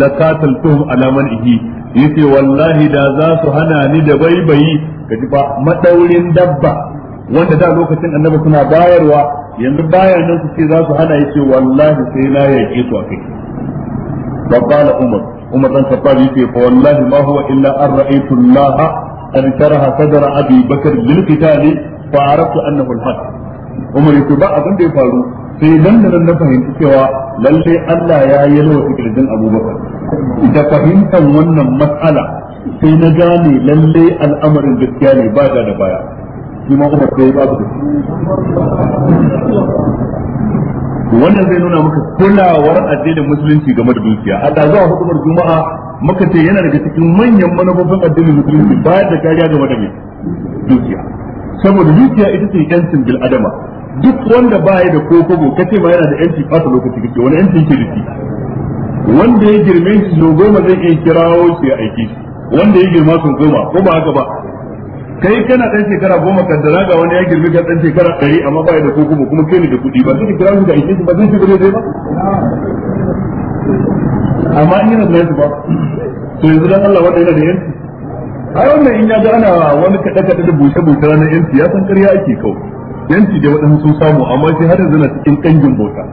لقاتلتهم على منعه yace wallahi da za su hana ni da baibayi ga ba madaurin dabba wanda da lokacin annabi suna bayarwa yanzu baya nan su ce za su hana yace wallahi sai na yake su akai Babbala umar umar dan sabbabi yace fa wallahi ma huwa illa an ra'aytu allaha an sharaha sadra abi bakr lil qital fa aratu annahu al-haq umar yace ba abin da ya faru sai nan da nan na fahimci cewa lalle Allah ya yalwa kirjin abubakar da fahimtar wannan matsala sai na gane lalle al'amarin gaskiya ne ba da baya shi ma umar sai babu da wannan zai nuna maka kulawar addinin musulunci game da dukiya a da zuwa hukumar juma'a maka ce yana daga cikin manyan manufofin addinin musulunci ba da kariya game da mai dukiya saboda dukiya ita ce yancin bil adama duk wanda ba ya da kokobo kace ba yana da yanci fata lokaci kake wani yanci yake da shi wanda ya girme shi so goma zai iya kirawo shi ya aiki wanda ya girma sun goma ko ba haka ba kai kana dan shekara goma kan da zaga wani ya girme ka dan shekara ɗari amma ba ya da kuma kuma kai ne da kuɗi ba zai kira shi da aiki ba zai shi ba zai ba amma in yana da ba to yanzu dan Allah wanda yana da yanci ai wannan in ya ga ana wani kada kada da bushe bushe na yanci ya san ƙarya ake kawai yanci da waɗansu sun samu amma shi har yanzu na cikin ƙangin bota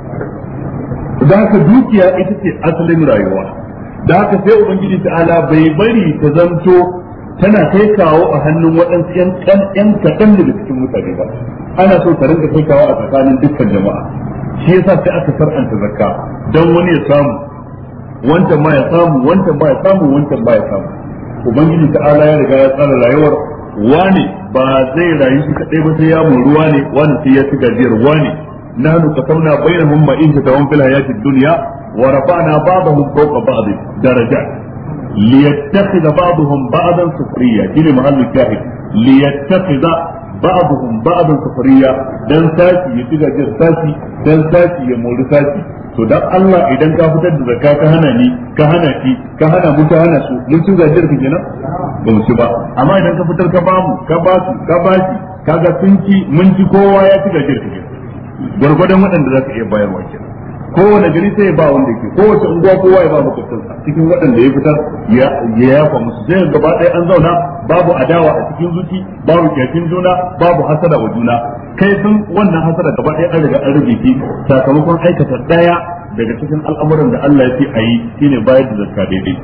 da haka dukiya ita ce asalin rayuwa da haka sai ubangiji ta'ala bai bari ta zanto tana kai kawo a hannun waɗansu ƴan ƴan kaɗan da cikin mutane ba ana so ta rinka kai kawo a tsakanin dukkan jama'a shi yasa sai aka sar'anta zakka don wani ya samu wancan ma ya samu wancan ba ya samu wancan ba ya samu ubangiji ta'ala ya riga ya tsara rayuwar wane ba zai rayu shi kaɗai ba sai ya mu ruwa ne wani sai ya ci gajiyar wane nahnu qasamna bainahum ma'ishatahum fil hayatid dunya wa rafa'na ba'dahum fawqa ba'd darajat liyattakhidha ba'dahum ba'dan sufriya shine mahallu shahid liyattakhidha ba'dahum ba'dan sufriya dan sashi ya tiga jin sashi dan sashi ya to dan Allah idan ka fitar da zakka ka hana ni ka hana ki ka hana mu ka hana su mun ci gajiyar ka kenan ba mu ba amma idan ka fitar ka bamu ka ba su ka ba shi kaga sun ci mun ci kowa ya ci gajiyar gwargwadon waɗanda za ka iya bayarwa kenan kowane gari sai ba wanda yake kowace unguwa kowa ya ba makwabtansa cikin waɗanda ya fitar ya yafa musu sai gaba ɗaya an zauna babu adawa a cikin zuci babu kyakin juna babu hasada wa juna kai sun wannan hasara gaba ɗaya an riga an sakamakon aikata ɗaya daga cikin al'amuran da Allah ya ce ayi yi shine bayar da zakka daidai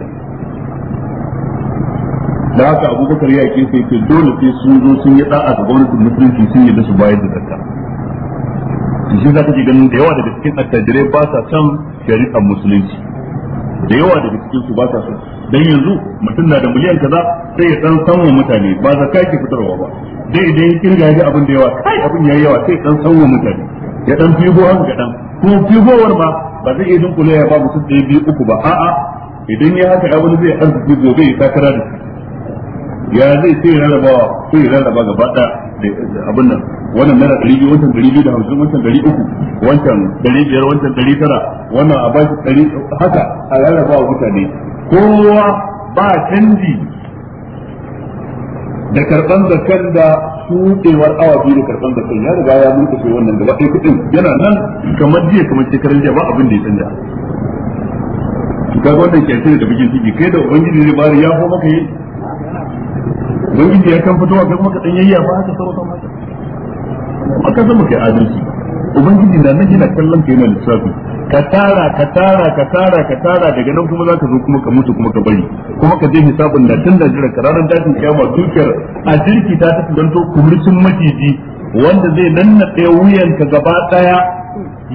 da haka abubakar ya ke sai ce dole sai sun zo sun yi da'a ga gwamnatin musulunci sun yi da su bayar da zakka shi za ka ji ganin da yawa daga cikin attajirai ba sa son shari'ar musulunci da yawa daga cikin su ba sa son dan yanzu mutum na da miliyan kaza sai ya dan san mutane ba za ka ke fitarwa ba dai idan ya kirga ya abin da yawa kai abin yayi yawa sai dan san mutane ya dan figo an ga dan ko figowar ma ba zai iya dunkule ya ba mutum ɗaya biyu uku ba a'a idan ya haka abin zai arziki gobe ya takara da ya zai sai rarrabawa sai rarraba gaba da abin nan wannan naira ɗari biyu wancan ɗari biyu da hamsin wancan ɗari uku wancan ɗari biyar wancan ɗari tara wannan a bashi ɗari haka a rarraba wa mutane kowa ba canji da karɓan zakan da shuɗewar awa biyu da karɓan zakan ya riga ya mulkace wannan gaba ɗaya kuɗin yana nan kamar jiya kamar shekarun jiya ba abin da ya canja kaga wannan kyashe da bikin ciki kai da ubangiji ne bari ya fa maka yi ubangiji ya kan a kai maka ɗanyayya yayya ba haka sarauta maka amma ka zama kai adalci ubangiji na nan yana kallon ka yana lissafi ka tara ka tara ka tara ka tara daga nan kuma zaka zo kuma ka mutu kuma ka bari kuma ka je hisabun da tun da jira ka dajin kiyama dukiyar a jirki ta tafi don to kumurcin maciji wanda zai nannaɗe wuyanka gaba ɗaya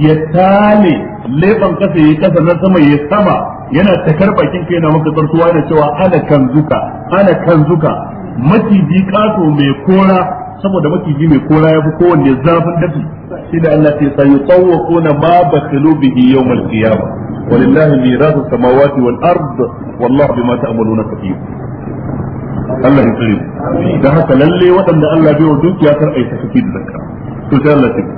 ya tale leban kasa ya kasa na sama ya sama yana takar bakin ka yana maka da da cewa ana kan zuka ana kan zuka maciji kaso mai kora saboda maciji mai kora ya fi kowanne zafin dafi shi da Allah ce sai yutawwaquna ma ba bakhilu bihi yawm al-qiyamah walillahi mirasu samawati wal ard wallahu bima ta'maluna khabir Allah ya tsare da haka lalle waɗanda Allah bai wa dukiya kar ai sakaci da zakka to sai Allah ya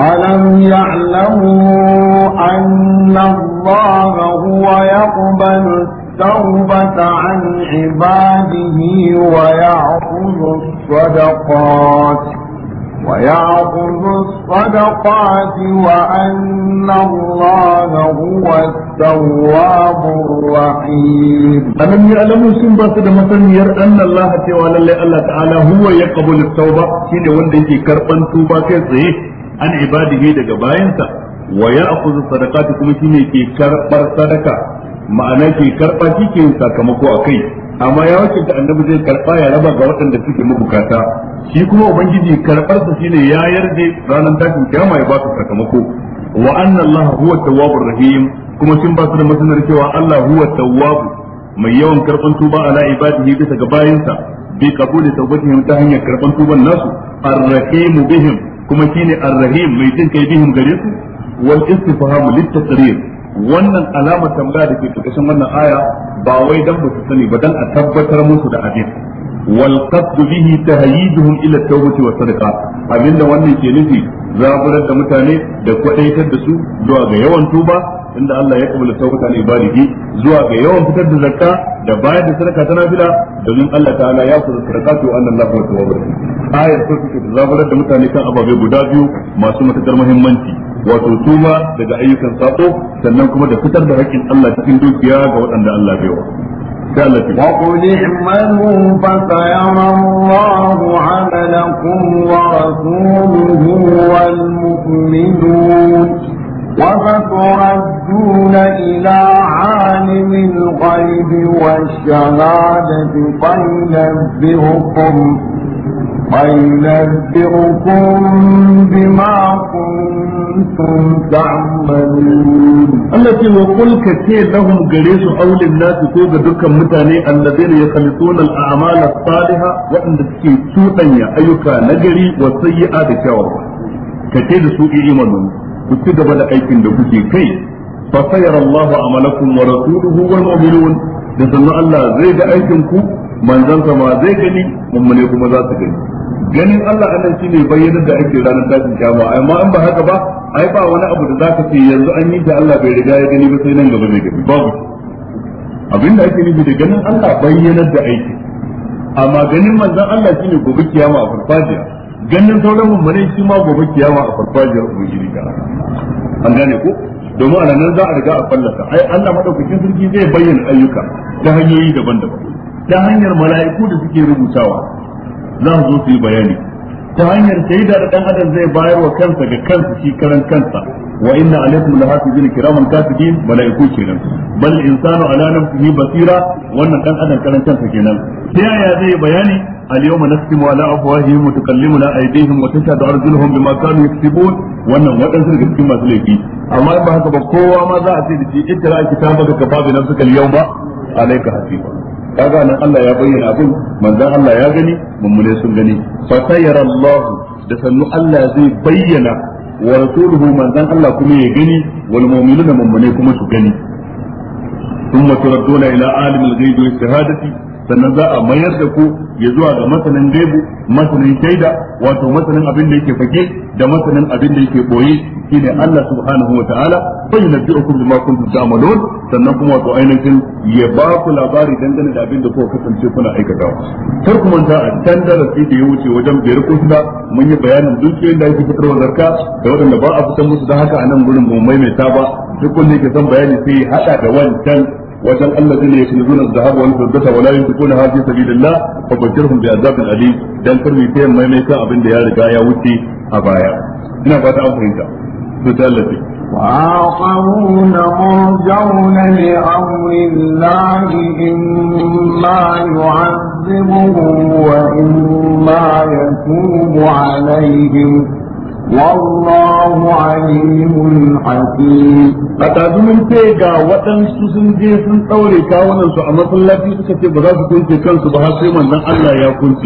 ألم يعلموا أن الله هو يقبل التوبة عن عباده ويعفو الصدقات ويعقض الصدقات وأن الله هو التواب الرحيم ألم يعلموا سنبا سيدا مثلا ير أن الله تعالى الله تعالى هو يقبل التوبة كين وندي كربان توبة كيسي عن عباده دقبائنسا ويأخذ الصدقات كما كين كربان صدقة ma'ana ke karba shi ke yin sakamako a kai amma ya wace da annabi zai karba ya raba ga waɗanda suke mabukata shi kuma ubangiji karbar sa shine ya yarda ranar tashin kiyama ya ba su sakamako wa anna Allah huwa tawwabur rahim kuma sun ba su da masanar cewa Allah huwa tawwab mai yawan karban tuba ala ibadihi bisa ga bayinsa bi kabuli tawbatihim ta hanyar karban tuban nasu ar-rahim bihim kuma shine ar-rahim mai jin kai bihim gare su wal istifham lit wannan alamar tambaya da ke karkashin wannan aya ba wai dan su sani ba dan a tabbatar musu da abin wal qasdu bihi tahyiduhum ila tawbati wa sadaqa abinda wannan ke nufi zaburar da mutane da kwadaitar da su zuwa ga yawan tuba inda Allah ya kabula tawbata ne ibadihi zuwa ga yawan fitar da zakka da bayar da sadaka tana nafila domin Allah ta'ala ya kusa ta wa anna Allahu tawwabur ayar so take zaburar da mutane kan ababe guda biyu masu matakar muhimmanci wato tuba daga ayyukan sako sannan kuma da fitar da haƙƙin Allah cikin dukiya ga waɗanda Allah bai wa وقل اعملوا فسيرى الله عملكم ورسوله والمؤمنون وستردون إلى عالم الغيب والشهادة فينبئكم وينبئكم بما كنتم تعملون التي وقل كثير لهم قريش أو للناس فوق دكا متاني الذين يخلطون الأعمال الصالحة وأن تكي سوطنيا أيكا نجري وسيئة شاورا كثير سوء إيمان وكتب لأيك لكي كي فسير الله عملكم ورسوله والمؤمنون لسنة الله زيد أيكم كو manzansa ma zai gani mummune kuma za su gani ganin Allah anan ne bayyanar da ake ranar tashin kyamu amma in ba haka ba ai ba wani abu da zaka ce yanzu an yi da Allah bai riga ya gani ba sai nan gaba mai gani babu abinda ake nufi da ganin Allah bayyanar da aiki amma ganin manzon Allah shine gobe kiyama a farfajiya ganin sauran mummunai shi ma gobe kiyama a farfajiya ko ubangiji ka an gane ko domin a nan za a riga a fallasa ai Allah madaukakin sarki zai bayyana ayyuka ta hanyoyi daban-daban ta hanyar mala'iku da suke rubutawa za su zo su yi bayani ta hanyar shaida da dan adam zai bayar wa kansa ga kansa shi karan kansa wa inna alaikum lahafizin kiraman katibin malaiku kenan bal insanu ala nafsihi basira wannan dan adam karan kenan ta yaya zai yi bayani al yawma nasqimu ala afwahihim da tukallimuna aydihim wa tashhadu arjuluhum bima kanu yaktubun wannan wadansu daga cikin masu laifi amma in ba haka ba kowa ma za a ce da shi ittara kitabaka kafa bi nafsika yau ba? alayka hasiba kaga nan Allah ya bayyana abin manzon Allah ya gani mummune sun gani fa sayyara Allah da sannu Allah zai bayyana wa rasuluhu manzon Allah kuma ya gani wal mu'minuna mummune kuma su gani ثم تردون إلى عالم الغيب والشهادة sannan za a mayar da ku ya zuwa ga masanin gaibu masanin shaida wato masanin abin da yake fage da masanin abin da yake boye shine Allah subhanahu wa ta'ala bai nabi'ukum kun kuntum ta'malun sannan kuma wato ainihin ya ba ku labari dangane da abin da kuka kasance kuna aikatawa kar ku manta a can darasi da ya wuce wajen biyar ko mun yi bayanin dukiyoyin da ake fitarwa zakka da waɗanda ba a fitar musu da haka a nan gurin ba mai mai ta ba duk wanda yake son bayani sai ya hada da wancan wajen allazina yakunzuna adh-dhahaba wal fiddata wa la yunfiquna fi sabilillah fa bashirhum bi'adabin alim dan karmi sai mai mai kan abin da ya riga ya wuce a baya ina fata an fahimta to ta allazi وآخرون مرجون لأمر الله إما يعذبهم وإما يتوب عليهم والله عليم حكيم أتعلم من تيجا وطن سوسن جي سن تولي كاونا سو أما الله في سكتي بغاك كنت كان سبها سيما لن الله يا كنت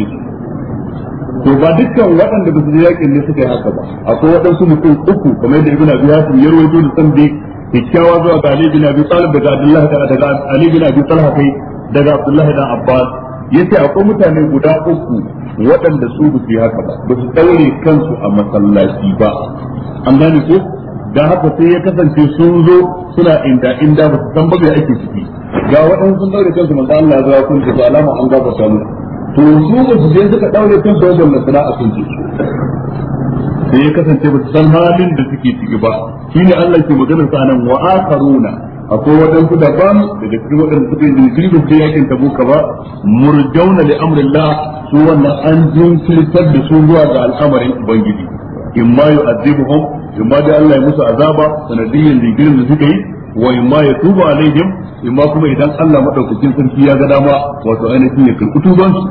to ba dukkan waɗanda ba su je yakin ne suka yi haka ba akwai waɗansu mutum uku kamar yadda ibn abi hasim ya rawaito da san dai kikkiawa zuwa ga ali bin abi talib daga abdullahi daga ali bin abi kai daga abbas yace akwai mutane guda uku waɗanda su ba su haka ba ba su ɗaure kansu a masallaci ba an gane ko da haka sai ya kasance sun zo suna inda inda ba su san ba ake ciki ga waɗanda sun ɗaure kansu manzo Allah ya kun ce alama an gafarta samu. to su ba su je suka ɗaure kansu wajen suna a sun ce sai ya kasance ba su san halin da suke ciki ba shine Allah ke maganar sa nan wa akharuna akwai waɗansu daban daga cikin waɗanda suka yi jinkiri da su yakin tabuka ba murjauna li amrillah su wannan an jinkirtar da su zuwa ga al'amarin ubangiji in ma yu'azibuhum in ma dai Allah ya musu azaba sanadiyyan jinkirin da suka yi wa in ma tuba alaihim in ma kuma idan Allah madaukakin sarki ya ga dama wato ainihin ya karɓi tubansu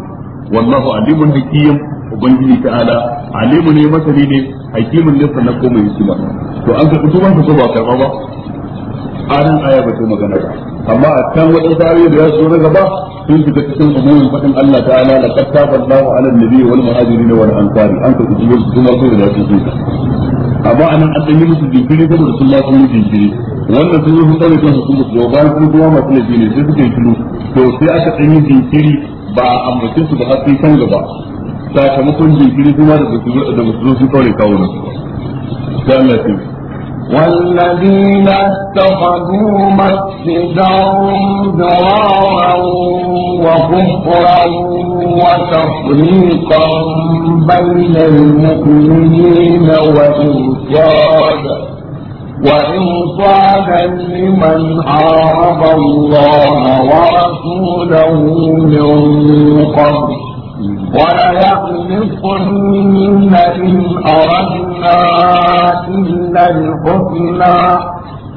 wallahu alimun hakim ubangiji ta'ala alimu ne masani ne hakimin ne sannan ko mai hikima to an ka fito ba ko ba karba ba a aya ba ta magana ba amma a can waɗansu ayoyi da ya so na gaba sun shiga cikin umumin faɗin Allah ta'ala la qad taballahu ala nabi wal muhajirin wal ansari an ka kuji su kuma so da su su amma anan an dan yi musu jinkiri saboda sun sun yi jinkiri wannan sun yi hudare kan hukumar da bayan sun kuma masu laifi ne sai suka yi to sai aka dan yi jinkiri ba a ambace su da haske kan gaba sakamakon jinkiri kuma da su zo su kawai kawo nan sai Allah والذين اتخذوا مسجدا ضرارا وكفرا وتفريقا بين المؤمنين وإرشادا وإرصادا لمن عارض الله ورسوله من قبل وليحلفن إن أردنا إلا الحسنى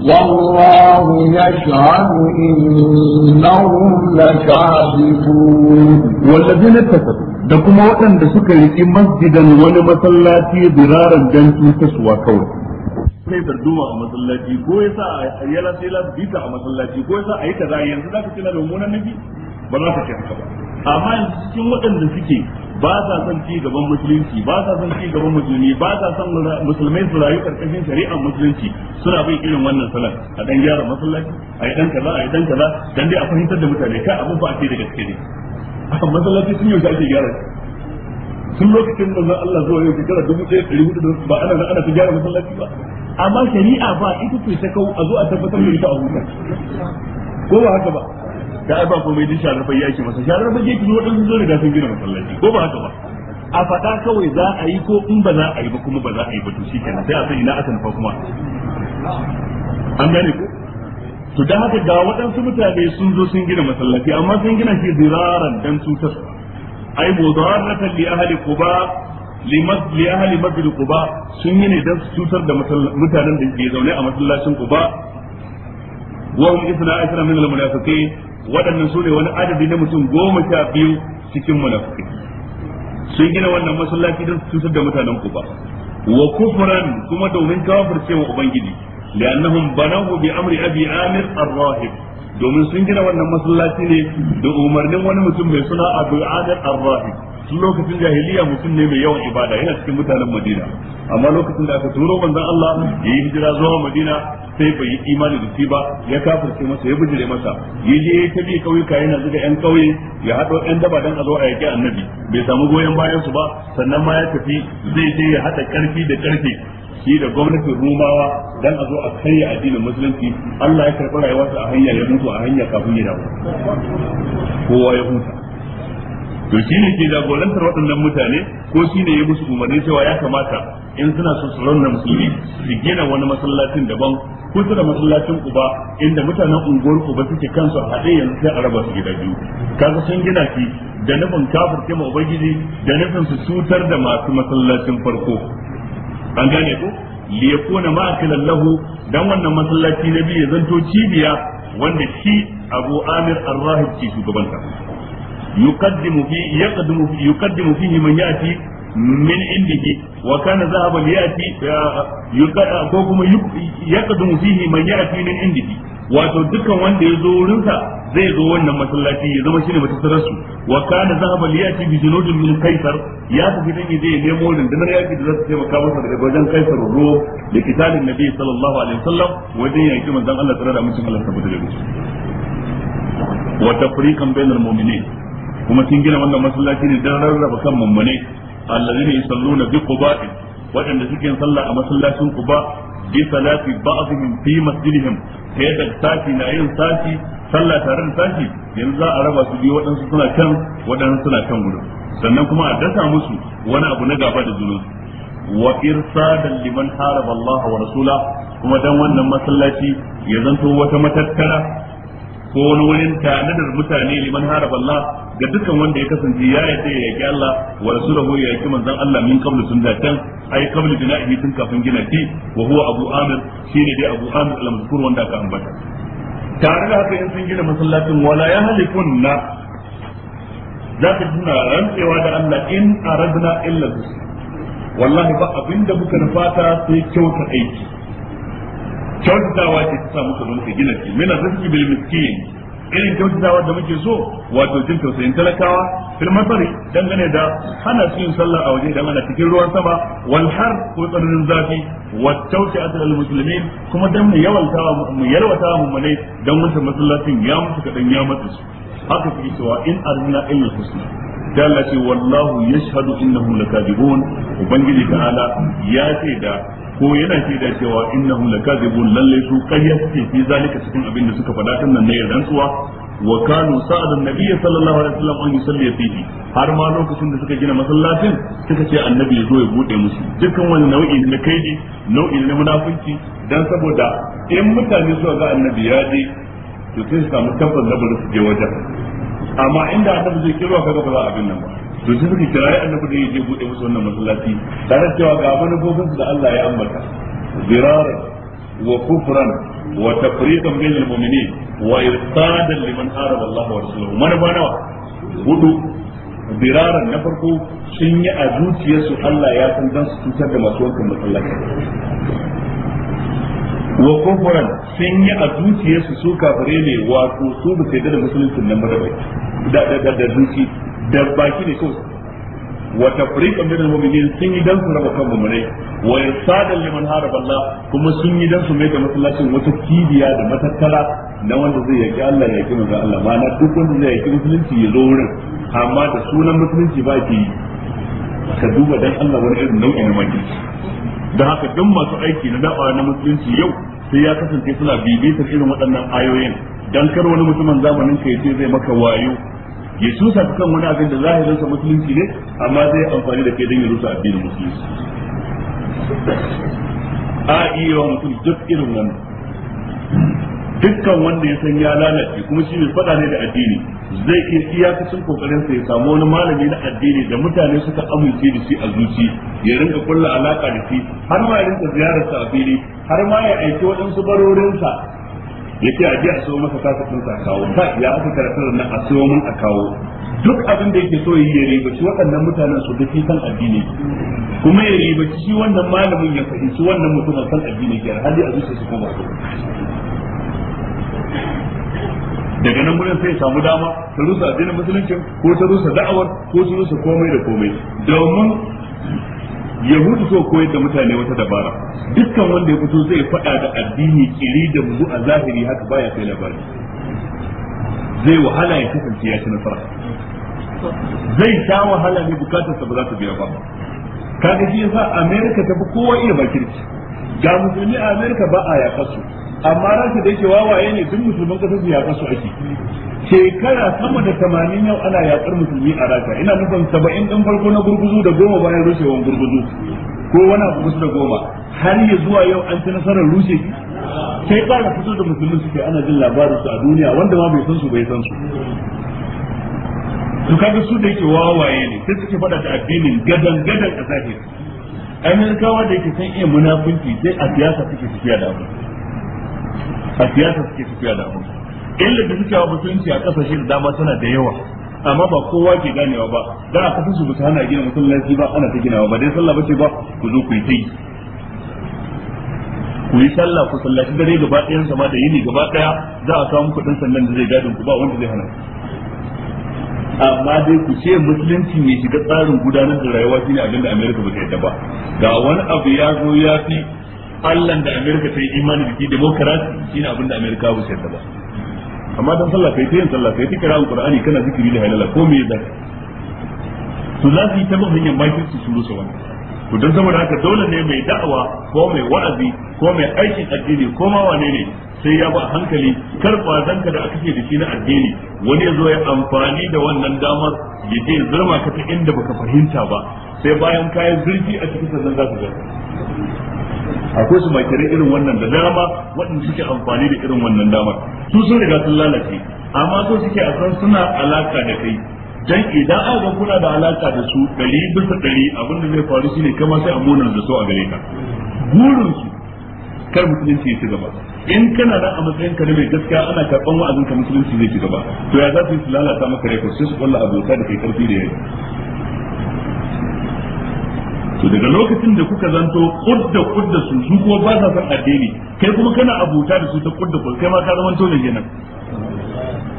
والله يشهد إنهم لكاذبون والذين كفروا da kuma waɗanda suka riƙi masjidan wani masallaci biraran dan cutarwa kawai sai darduma a masallaci ko ya sa a yala sai bita a masallaci ko ya sa a yi kaza yanzu za ka ce da mummunan nabi ba za ka ce haka ba amma yanzu cikin waɗanda suke ba sa son ci gaban musulunci ba sa son ci gaban musulmi ba sa son musulmai su rayu karkashin shari'ar musulunci suna bin irin wannan salat a dan gyara masallaci a yi dan kaza a yi dan kaza dan dai a fahimtar da mutane kai abin ba a ce da gaske ne a masallaci sun yau ake gyara sun lokacin da Allah zuwa yau shekara dubu ɗaya ɗari hudu da ba ana ana ta gyara masallaci ba amma shari'a ba ita ce ta kawo a zo a tabbatar da ita a huta ko ba haka ba da ai ba komai din sharar fage yake masa sharar fage yake zo sun da sun gina masallaci ko ba haka ba a faɗa kawai za a yi ko in ba za a yi ba kuma ba za a yi ba to shi kenan sai a san ina aka nufa kuma an gane ko to da haka ga waɗansu mutane sun zo sun gina masallaci amma sun gina shi ziraran dan cutar ai mudarratan li ahli quba li ahli masjid quba sun yi ne dan cutar da mutanen da ke zaune a masallacin quba wa isna asra min al munafiqin waɗannan sune wani adadi na mutum goma sha biyu cikin munafiki sun gina wannan masallaci don su cutar da mutanen kuba wa kufran kuma domin kafircewa ubangiji لأنهم بنوه بأمر أبي آمر الراهب domin sun gina wannan masallaci ne da umarnin wani mutum mai suna Abu Adil ar tun lokacin jahiliya mutum ne mai yawan ibada yana cikin mutanen madina amma lokacin da aka turo manzon Allah ya yi hijira zuwa madina sai bai yi imani da shi ba ya kafirce masa ya bijire masa ya je ta bi kauyuka yana zuga yan kauye ya haɗo yan daba dan a zo a yaƙi annabi bai samu goyon bayan su ba sannan ma ya tafi zai je ya haɗa ƙarfi da ƙarfe shi da gwamnatin rumawa dan a zo a karya addinin musulunci Allah ya karɓi rayuwarsa a hanya ya mutu a hanya kafin ya dawo kowa ya huta to shi ne ke jagorantar waɗannan mutane ko shi ne ya musu umarni cewa ya kamata in suna so su rauna musulmi su gina wani masallacin daban ko su da masallacin uba inda mutanen unguwar uba suke kansu a haɗe yanzu sai a raba su gida biyu kaga sun gina shi da nufin kafirce ma ubangiji da nufin su cutar da masu masallacin farko an gane ko li na lahu dan wannan masallaci na biyu ya zanto cibiya wanda shi Abu Amir ar ke shugabanta يقدم فيه يقدم فيه يقدم فيه من يأتي من عنده وكان ذهبا يأتي كما يقدم فيه من يأتي من عنده wato dukkan wanda ya zo wurinsa zai zo wannan masallaci ya zama shine matattarar su wa kana zahaba liyati bi junudin min kaisar ya tafi dan ya je ya nemo rundunar yaki da za su taimaka masa daga wajen kaisar ruwa da kitabin nabi sallallahu alaihi wasallam wajen yaki manzon Allah tsara da mutum Allah tabbata da shi wa tafriqan bainal mu'minin kuma sun gina wannan masallaci ne don rarraba kan mummune allazina yusalluna bi quba'in waɗanda suke sallah a masallacin quba bi salati ba'dihim fi masjidihim ta yadda sati na yin sati sallah tare da sati yanzu za a raba su biyu waɗansu suna kan suna gudu sannan kuma a dasa musu wani abu na gaba da zulun wa irsadan liman haraba Allah wa rasula kuma dan wannan masallaci ya zanto wata matattara ko wani wurin tanadar mutane liman haraba Allah ga dukkan wanda ya kasance ya yarda ya yaki Allah wa rasulahu ya yaki manzon Allah min qablu sun da can ai qablu bina'ihi tun kafin gina shi wa huwa Abu Amir shine dai Abu Amir al-mazkur wanda aka ambata tare da haka in sun gina masallacin wala ya halifunna za ka tuna rantsewa da Allah in aradna illa bihi wallahi ba abinda muka nufata sai kyauta aiki kyautatawa ce ta sa muka zo muka gina shi mina rizqi bil miskin irin kyautatawa da muke so wato jin tausayin talakawa fil dangane da hana su yin sallah a waje dangane ana cikin ruwan sama wal har ko tsananin zafi wa tauti asal musulmi. kuma dan mu yawalta mu yalwata mu mane dan wannan masallacin ya mutu kaɗan ya mutu su haka suke cewa in arna illa husna da Allah ce wallahu yashhadu innahum lakadibun ubangiji ta'ala ya ce da ko yana shaida cewa innahum lakazibun lalle su ƙarya suke fi zalika cikin abin da suka faɗa tun nan ne rantsuwa wa kanu sa'adan nabiyyi sallallahu alaihi wasallam an yusalli fihi har ma lokacin da suka gina masallacin suka ce annabi ya zo ya bude musu dukkan wani nau'i na kaidi nau'i na munafunci dan saboda in mutane suka ga annabi ya je to sai su samu tabbas na su je wajen amma inda annabi zai kirwa kaga ba za a bin nan ba to sai suka kira ya annabi da yake bude musu wannan masallaci tare cewa ga manufofin da Allah ya ambata zirar wa kufran wa tafriqan bainal mu'minin wa irsadan liman araba. Allah wa rasuluhu manufa nawa hudu ziraran na farko sun yi a zuciyarsu Allah ya san dan su cutar da masu wankan masallaci wa kufran sun yi a zuciyarsu su kafire ne wato su ba sai da musulunci nan ba da da da zuci da baki ne kawai wa tafriqan bainal mu'minin sun yi dan su raba kan mu'minai wa irsadan liman haraba Allah kuma sun yi dan su mai da masallacin wata kibiya da matattara na wanda zai yaki Allah ya yaki manzo Allah ma na duk wanda zai yaki musulunci ya zo wurin amma da sunan musulunci ba ke ka duba dan Allah wani irin nau'i na makirci da haka duk masu aiki na da'awa na musulunci yau sai ya kasance suna bibiyar irin waɗannan ayoyin dan kar wani mutumin zamanin ka yace zai maka wayo ya cusa kan wani abin da zahirin sa musulunci ne amma zai amfani da kai don ya rusa addinin musulunci a iya mutum duk irin wannan dukkan wanda ya san ya lalace kuma shi mai faɗa ne da addini zai iya iyakacin kokarin sa ya samu wani malami na addini da mutane suka amince da shi a zuci ya rinka kulla alaka da shi har ma ya rinka ziyarar sa a fili har ma ya aiki waɗansu barorinsa yace a je a so masa kasafin sa kawo ba ya aka karatar nan a so mun a kawo duk abin da yake so yi ya shi waɗannan mutanen su duk kan addini kuma ya shi wannan malamin ya fahimci wannan mutumin kan addini ke hali a zuciya su koma daga nan gurin sai samu dama ta rusa addinin musulunci ko ta rusa da'awar ko ta rusa komai da komai domin yahudu so koyar da mutane wata dabara dukkan wanda ya fito zai faɗa da addini kiri da mu a zahiri haka baya kai labari zai wahala ya kasance ya ci nasara zai sha wahala ne bukatarsa ba za ta biya ba kaga shi yasa america ta fi kowa iya bakirci ga musulmi a Amerika ba a yaƙa su amma rashi da yake wawaye ne duk musulman kasar su yaƙa su ake shekara sama da tamanin yau ana yaƙar musulmi a rasha ina nufin saba'in ɗin farko na gurguzu da goma bayan rushewan gurguzu ko wani abu kusa da goma har ya zuwa yau an ci nasarar rushe sai ƙara fito da musulmin suke ana jin labarin su a duniya wanda ma bai san su bai san su su kaga su da yake wawaye ne sai suke faɗa da addinin gadan gadan a zahiri amerikawa da yake san iya munafunci sai a siyasa suke tafiya da abu a siyasa suke tafiya da abu illa da suke wa musulunci a kasashe da dama tana da yawa amma ba kowa ke ganewa ba da a kasashe su ba hana gina masallaci ba ana ta ginawa ba dai sallah bace ba ku zo ku yi tai ku yi sallah ku sallaci dare gaba ɗayan sama da yini gaba ɗaya za a samu kuɗin sannan da zai gadin ku ba wanda zai hana amma dai ku ce musulunci mai shiga tsarin gudanar da rayuwa shine abin da Amerika ba ta yadda ba ga wani abu ya zo ya fi Allah da Amerika ta yi imani da ke demokarasi shine abin da Amerika ba ta yadda ba amma dan sallah kai ta yin sallah kai ta kira Qur'ani kana zikiri da halala ko me da to za su yi ta bin hanyar makirci su rusa wannan to don saboda haka dole ne mai da'awa ko mai wa'azi ko mai aikin addini ko ma wane ne sai ya ba hankali kar kwazanka da aka ke da shi na addini wani ya zo ya amfani da wannan damar ya je zurma ka ta inda baka fahimta ba sai bayan kayan zurfi a cikin sannan za ka ga akwai su makirai irin wannan da dama waɗanda suke amfani da irin wannan damar su sun riga sun lalace amma so suke a san suna alaka da kai dan idan aka ga kuna da alaka da su ɗari bisa ɗari abin da zai faru shine kama sai a munar da su a gare ka burin su kar musulunci ya ci gaba in kana da a matsayin ka mai gaskiya ana karban wa'azin ka musulunci zai ci gaba to ya za su yi su lalata maka rekord sai su kulla abota da kai karfi da yayi to daga lokacin da kuka zanto kudda kudda su su kuma ba sa son addini kai kuma kana abota da su ta kudda kai ma ka zama tole kenan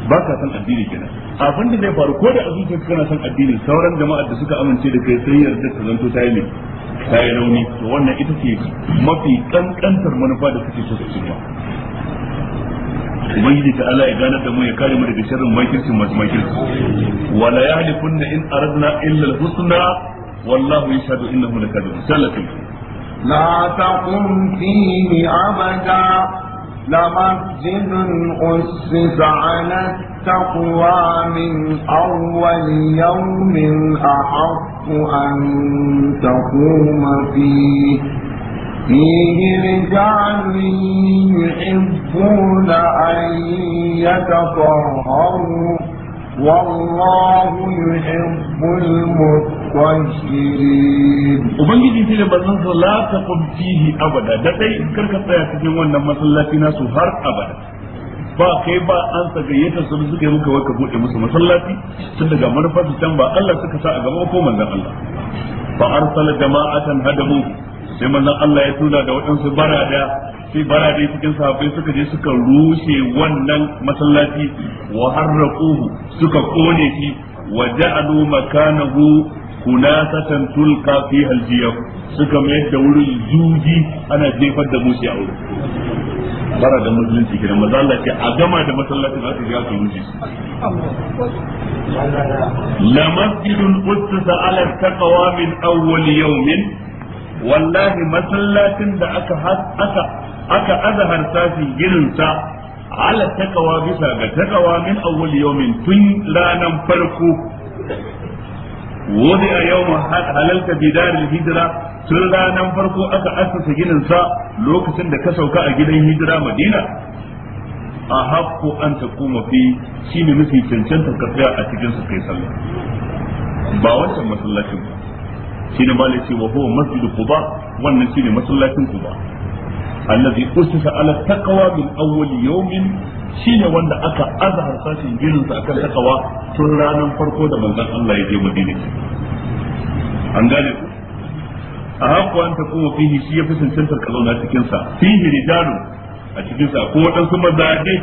ba ka san addini kenan abin da zai faru ko da azuncin kana san addini sauran jama'a da suka amince da kai sai yarda ta zanto ta yi ne ta yi rauni to wannan ita ce mafi kankantar manufa da suke so su cimma ubangiji ta Allah ya gane da mu ya kare mu daga sharrin makircin masu makirci wala ya halifun da in aradna illa al-husna wallahu yashhadu innahu lakadhib sallatu la taqum fihi abada لمسجد أسس على التقوى من أول يوم أحق أن تقوم فيه فيه رجال يحبون أن يتطهروا والله يحب المتقين الطاهرين وبنجي في المسجد لا تقم فيه أبدا ده cikin wannan وانا na su har abada. ba kai ba an sa gayyatar su suka yi muka waka bude musu masallaci tun daga manufar can ba Allah suka sa a gaba ko manzon Allah fa arsala jama'atan hadamu sai manzon Allah ya tura da waɗansu barada sai barada cikin sahabbai suka je suka rushe wannan masallaci wa harraquhu suka kone shi wa ja'alu makanahu hunasatan tulqa fi aljiyab suka mayar da wurin juji ana jefar da mushi a wurin bara da musulunci kenan maza Allah ce a gama da masallacin aka ga su ruji la masjidun ussisa ala taqwa min awwal yawmin wallahi masallacin da aka aka aka azhar safi ginin sa ala takawa bisa ga takawa min awwal yawmin tun ranan farko Wani a yau halalta bidar hijira tun ranar farko aka asasa ginin lokacin da ka sauka a gidan hijira madina a haƙƙo an ta kuma fi shi ne mafi cancanta kafiya a cikin su kai sallah ba wancan masallacin ba shi ne malai ce wa huwa masjidu quba wannan shi ne masallacin quba allazi usisa ala taqwa min awwal yawmin shine wanda aka azhar sashin ginin akan takawa tun ranar farko da manzon Allah ya je Madina an gane ku a haƙƙo an tafi wa fihi shi ya fi cancantar ka zauna cikinsa fihi rijalu a cikin ko waɗansu mazaje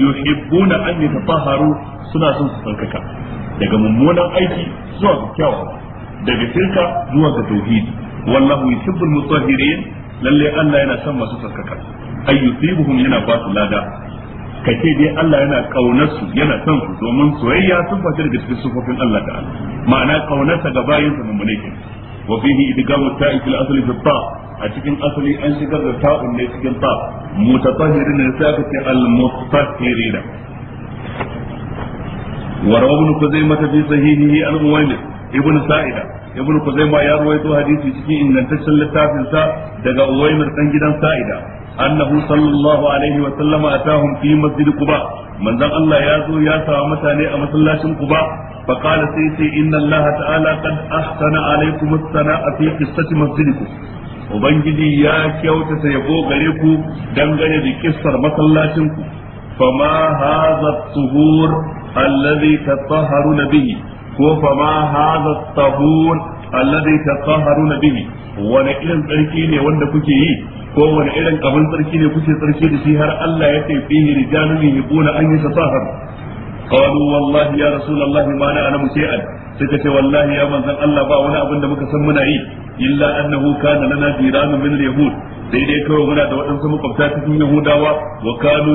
yuhibbuna an yatafaharu suna son su tsarkaka daga mummunan aiki zuwa ga kyawawa daga shirka zuwa ga tauhidi wallahu yuhibbul mutahhirin lalle Allah yana son masu tsarkaka ay yusibuhum yana ba su lada ka ce dai Allah yana kaunar su yana son su domin soyayya sun fashi daga cikin sufofin Allah ta'ala ma'ana kaunarsa ga bayinsa mummune ke wa fihi idgamu ta'i fil asli fi ta a cikin asali an shigar da ta'un ne cikin ta mutatahhirin ne sai aka ce al mutatahhirina wa rawu ibn kuzaimah fi sahihihi al muwailis ibn sa'ida ibn kuzaimah ya rawaito hadisi cikin ingantaccen littafin sa daga uwaimir dan gidan sa'ida annahu sallallahu alaihi wa sallama atahum fi masjid quba manzon Allah ya zo ya sawa mutane a masallacin quba fa qala sai sai inna Allah ta'ala qad ahsana alaikum as-sana'a fi qissati masjidikum ubangiji ya kyautata yabo gare ku dangane da kissar masallacin ku fama hadha at-tuhur alladhi tatahharuna bihi ko fama hadha at-tahur alladhi taqaharuna bihi wani irin tsarki ne wanda kuke yi ko wani irin abin tsarki ne kuke tsarki da shi har Allah ya ce fihi rijalun yuhibuna an yatasahharu qalu wallahi ya rasulullahi ma na alamu shay'an suka ce wallahi ya manzon Allah ba wani abin da muka san muna yi illa annahu kana lana jiranun min yahud Daidai kawai muna da waɗansu makwabta cikin yahudawa wa kanu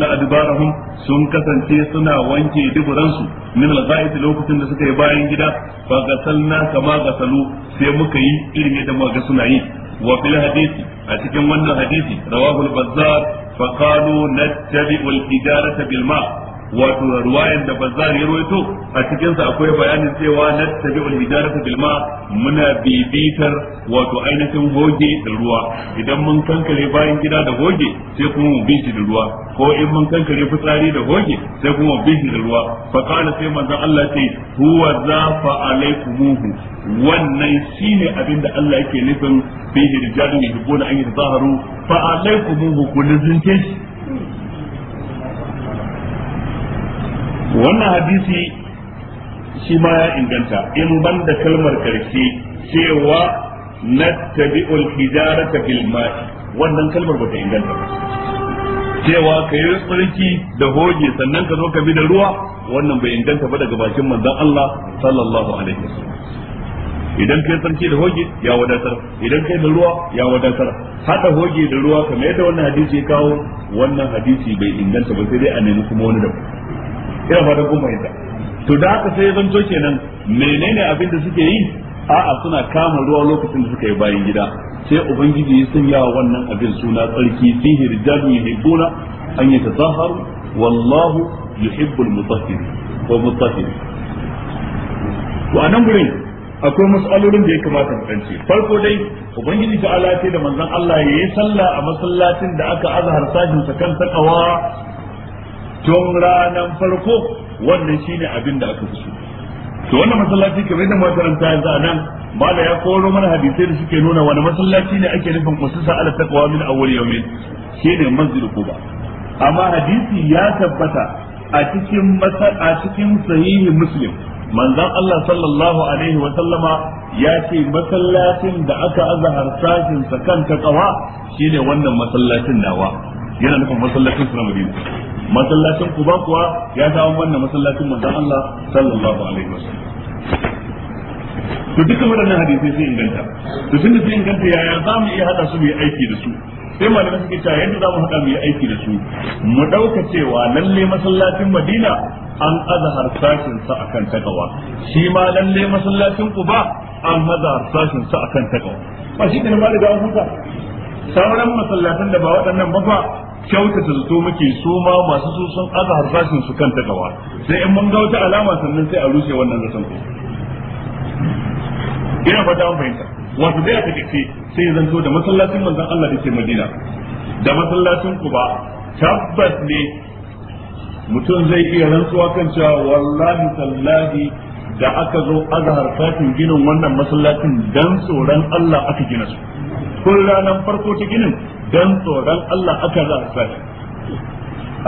na adbarahum sun kasance suna wanke duburansu min al lokacin da suka yi bayan gida fa gasalna kama gasalu sai muka yi irin yadda muka suna yi wa fil hadisi a cikin wannan hadisi rawahu al-bazzar fa qalu nattabi'u al-ijarata bil ma' wato ruwayan da bazzar ya ruwaito a cikin sa akwai bayanin cewa na tabi'ul hijarata bil ma muna bibitar wato ainihin hoge da ruwa idan mun kankare bayan gida da hoge sai kuma mu bi da ruwa ko in mun kankare fitsari da hoge sai kuma mu bi da ruwa fa kana sai manzon Allah ce huwa za fa wannan shine abin da Allah yake nufin bi hijarun yuhibbuna an yatazaharu fa alaykumuhu kullu zintin wannan hadisi shi ma ya inganta in ban da kalmar karshe cewa na nattabi'ul hijarata bil ma'i wannan kalmar bata inganta ba cewa ka yi tsarki da hoge sannan ka zo ka bi da ruwa wannan bai inganta ba daga bakin manzon Allah sallallahu alaihi wasallam idan kai tsarki da hoge ya wadatar idan kai da ruwa ya wadatar hada hoge da ruwa kamar yadda wannan hadisi ya kawo wannan hadisi bai inganta ba sai dai a nemi kuma wani da ina fatan kun fahimta to da haka sai zanto kenan menene abin da suke yi a'a suna kama ruwa lokacin da suka yi bayan gida sai ubangiji ya sanya wannan abin suna tsarki fihi rijalun yuhibbuna an yatatahharu wallahu yuhibbul mutahhirin wa mutahhirin to anan gurin akwai mas'alolin da ya kamata mu kance farko dai ubangiji ta ala da manzon Allah yi sallah a masallacin da aka azhar sajin sa kan takawa tun ranar farko wannan shine abin da aka fi to wannan masallaci kamar da makaranta yanzu a nan mala ya koro mana hadisai da suke nuna wani masallaci ne ake nufin kususa ala a min awwal yawmin shine masjid quba amma hadisi ya tabbata a cikin a cikin sahihi muslim Allah sallallahu alaihi wa sallama ya ce masallacin da aka azhar sashin sa kan kawa, shine wannan masallacin nawa yana nufin masallacin na Madina masallacin ku ba kuwa ya dawo wannan masallacin manzon Allah sallallahu alaihi wasallam to dukkan waɗannan hadisi sai inganta to tunda sai inganta yaya za mu iya hada su mu yi aiki da su sai malamai suke cewa yadda za mu hada mu yi aiki da su mu dauka cewa lalle masallacin Madina an aza harsashin sa akan takawa shi ma lalle masallacin ku ba an maza harsashin sa akan takawa ba shi ne ma da an huta sauran masallatan da ba waɗannan ba fa kyautata zato muke su ma masu su sun aza harfashin su kan tagawa sai in mun ga wata alama sannan sai a rushe wannan zaton ko ina fata an fahimta wato dai a take sai zan zo da masallacin manzon Allah da ke Madina da masallacin ba. tabbas ne mutum zai iya rantsuwa kan cewa wallahi tallahi da aka zo azhar fatin ginin wannan masallacin dan tsoron Allah aka gina su tun ranar farko ta ginin dan tsoron Allah aka za a sashi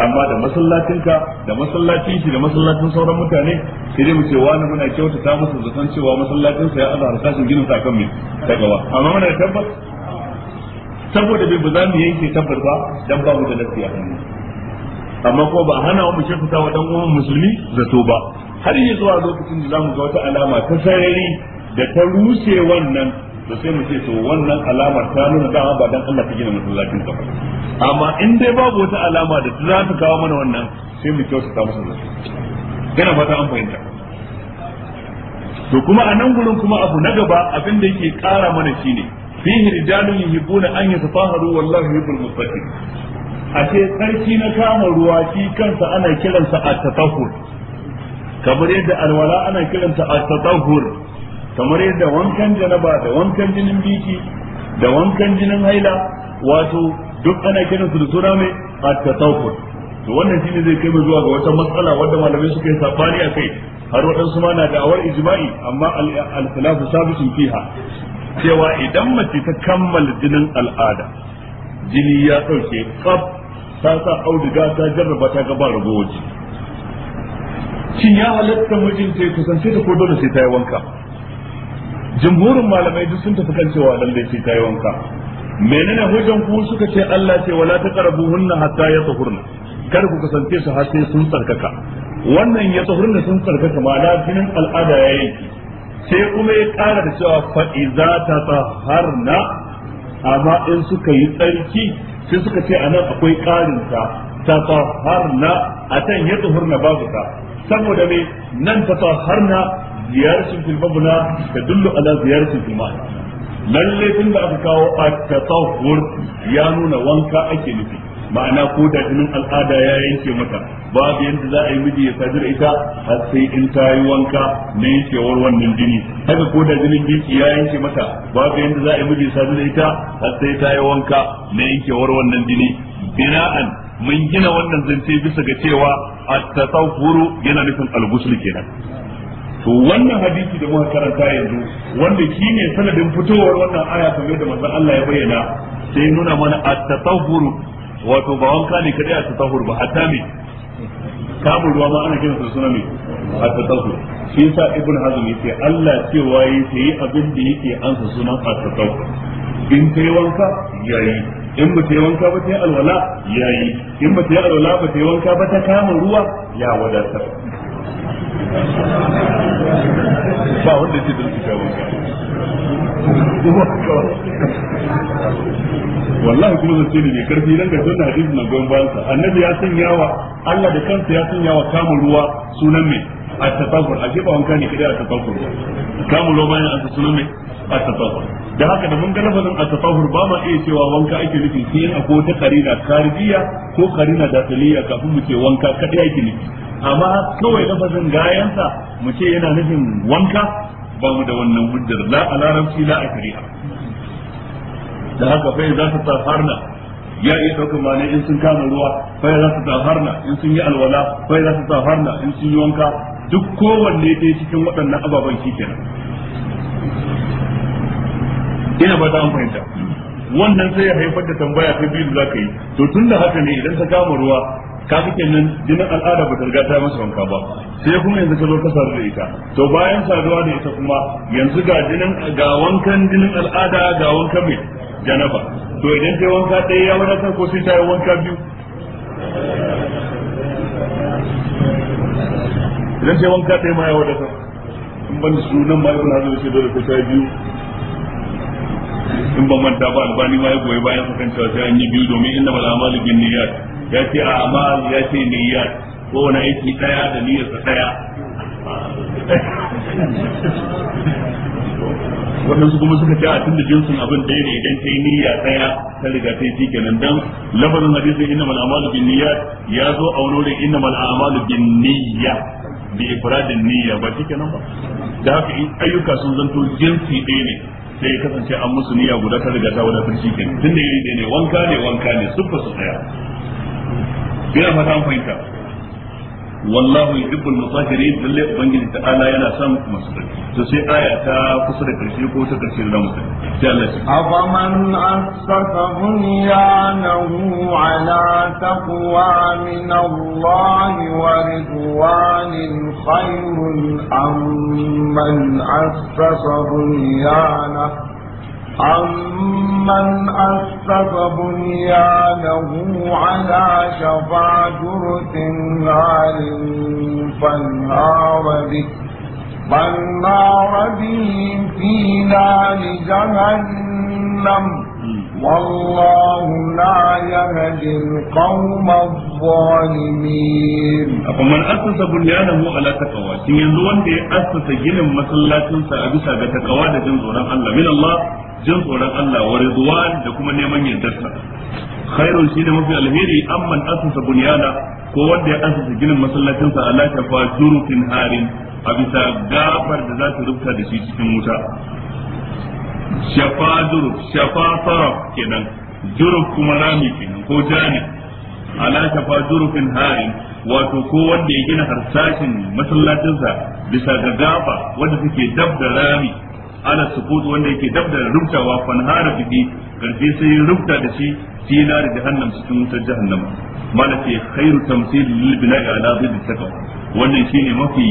amma da masallacinka da masallacin shi da masallacin sauran mutane sai dai mu ce wani muna kyauta ta musu zaton cewa masallacin sa ya Allah sashen ginin sa kan mai gaba amma muna tabbas saboda bai ba za mu yanke tabbar ba dan ba mu da lafiya amma kuma ba hana mu kyautata wa dan uwan musulmi zato ba har yi zuwa lokacin da zamu ga wata alama ta sarari da ta rushe wannan to sai mu ce to wannan alamar ta nuna dama ba dan Allah ta gina masallacin ba amma in dai babu wata alama da za ta kawo mana wannan sai mu kyautata musu da gana fata an fahimta to kuma a nan gurin kuma abu na gaba abin da yake ƙara mana shine fihi rijalun yuhibuna an yatafaharu wallahu yuhibbul muttaqin a ce sarki na kama ruwa shi kansa ana kiransa at-tatahhur kamar yadda alwala ana kiransa at-tatahhur kamar yadda wankan janaba da wankan jinin biki da wankan jinin haila wato duk ana kiran su da suna mai at-tasawwur to wannan shine zai kai mu zuwa ga wata matsala wadda malamai suka yi sabani a kai har waɗansu ma na awar ijma'i amma al-khilafu sabitun fiha cewa idan mace ta kammala jinin al'ada jini ya ɗauke kaf ta sa auduga ta jarraba ta gaba ragowar shin ya halatta mijinta ya kusance ta ko dole sai ta yi wanka jamhurin malamai duk sun tafi kan cewa lalle sai ta yi wanka menene hujjan ku suka ce Allah ce wala taqrabuhunna hatta yatahurna kar ku kasance su har sai sun tsarkaka wannan ya tsahurna sun tsarkaka ma'ana jinin al'ada yanki sai kuma ya ƙara da cewa za ta tatahharna amma in suka yi tsarki sai suka ce nan akwai ƙarin ta a atan ya tsahurna babu ta saboda me nan tatahharna Ziyarci fil ta dullu ala ziyarci fil ma'a lalle tun da aka kawo at-tatahhur ya nuna wanka ake nufi ma'ana ko da jinin al'ada ya yanke mata babu yadda za a yi miji ya sadir ita har sai in ta yi wanka na yankewar wannan jini haka ko da jinin biki ya yanke mata babu yadda za a yi miji ya sadir ita har sai ta yi wanka na yankewar wannan jini bina'an mun gina wannan zance bisa ga cewa at-tasawwuru yana nufin al-ghusl kenan to wannan hadisi da muka karanta yanzu wanda shine sanadin fitowar wannan aya kamar da manzon Allah ya bayyana sai nuna mana at-tatahhur wato ba wanka ne kadai at-tatahhur ba hatta me kamun ruwa ma ana kiransa suna me at-tatahhur shi yasa ibn hazm yace Allah cewa yayi abin da yake ansa sunan at-tatahhur in kai wanka yayi in ba ta yi wanka ba ta yi alwala ya yi in ba yi alwala ba ta yi wanka ba ta kamun ruwa ya wadatar ba wanda yake durkusa ba wallahi kuma zance ne karfi nan da sunna hadisi na goyon bansa annabi ya sanya wa Allah da kansa ya sanya wa kamun ruwa sunan mai a tafafur a ba wanka ne kada a tafafur kamun ruwa bayan an sunan mai at-tatahur da haka da mun ga lafazin at-tatahur ba ma iya cewa wanka ake nufi sai a ko ta karina karbiya ko karina dafiliya kafin mu ce wanka kadai ake nufi amma kawai lafazin gayansa mu ce yana nufin wanka ba mu da wannan hujjar la a larabci la a shari'a da haka fa za ta tafarna ya iya ɗaukar ma in sun kama ruwa fa za su tafarna in sun yi alwala fa za su tafarna in sun yi wanka duk kowanne dai cikin waɗannan ababen shi kenan ina ba ta an fahimta wannan sai ya haifar da tambaya ta biyu za ka yi to tun da haka ne idan ta kama ruwa ka fi kenan jinin al'ada ba ta riga ta masa wanka ba sai kuma yanzu ka zo ka sadu da ita to bayan saduwa da ita kuma yanzu ga jinin ga wankan jinin al'ada ga wankan mai janaba to idan ta wanka ɗaya ya wadatar ko sai ta yi wanka biyu idan ta wanka ɗaya ma ya wadatar in ban sunan ma ibn hazm sai dole ko ta biyu in ban manta ba albani ma ya goyi bayan sa kan cewa sai an yi biyu domin inna mal amalu bin niyyat ya ce a amal ya ce niyyat ko wani aiki daya da niyyar sa daya waɗansu kuma suka ce a tunda jinsin abin ɗaya ne idan ta yi niyya ɗaya ta riga ta yi kenan dan lafazin hadisin inna mal amalu bin niyya ya zo a wani wurin inna mal amalu bin niyyat bi ifradin niyya ba nan ba da haka ayyuka sun zanto jinsi ɗaya ne sai ya kasance an musu niyya guda ta riga ta wadatar shi ke tun da iri ne wanka ne wanka ne suffa su tsaya ina fata an fahimta wallahu yuhibbul mutahhirin lalle ubangiji ta'ala yana son masu tsarki to sai aya ta kusa da karshe ko ta karshe da mutum sai Allah ya afaman asasa bunyanahu ala taqwa min أمن أسس بنيانه على شفا جرث نار فانهار به فانهار به في نار جهنم والله لا يهدي القوم الظالمين فمن من اسس بنيانه على تقوى كين يزو وند اسس جن مسلاتن سا ابي سا ga takawa da jin tsoron Allah min Allah jin tsoron Allah wa ridwan da kuma neman yardarsa khairun da mafi alheri amman asasa bunyana ko wanda ya asasa ginin masallacin sa Allah ta fa jurufin harin a bisa gafar da za ta rubuta da shi cikin wuta shafa durub shafa faraf kenan durub kuma rami kenan ko jani ala shafa durufin harin wato ko wanda ya gina harsashin masallacinsa bisa ga gaba wanda take dab da rami ala sukut wanda yake dab da rubtawa hara bihi karfi sai ya rubta da shi na da jahannam cikin wutar jahannam malaka khairu tamthil lil bina'i ala dhid taqwa wannan shine mafi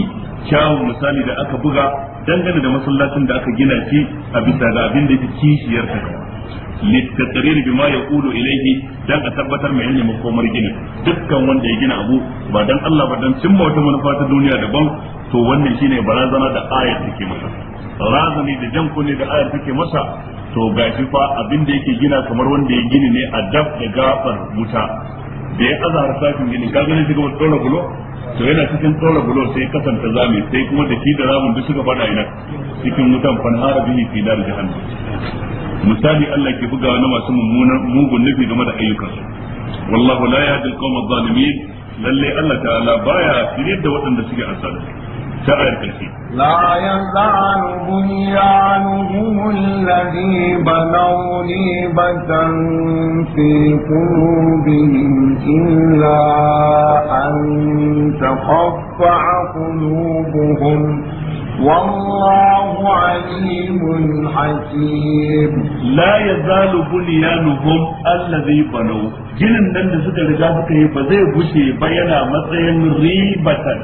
kyawun misali da aka buga dangane da masallacin da aka gina shi a bisa ga abin da yake kishiyar ta littattarir bi ma yaqulu ilayhi dan a tabbatar mai yanne makomar gini dukkan wanda ya gina abu ba dan Allah ba dan cimma wata manufa ta duniya daban to wannan shine barazana da ayat take masa razani da jan kunne da ayat take masa to gashi fa abin da yake gina kamar wanda ya gini ne a daf da gafar wuta da ya aza harsashin gini ka gani shiga wata tsora bulo to yana cikin tsora bulo sai kasanta zami sai kuma da shi da duk suka fada ina cikin wutan fanhara bihi fi dar jahannam misali Allah ke buga na masu mummunan mugun nufi game da ayyukan. wallahu la yahdi al-qawm adh-dhalimin lalle Allah ta'ala baya shiryar da waɗanda suke azzalimi شاعر كنسي لا يزال بنيانهم الذي بنوا ريبة في قلوبهم إلا أن تخفع قلوبهم والله عليم حكيم لا يزال بنيانهم الذي بنوا ginin nan da suka riga suka yi ba zai gushe ba yana matsayin ribatan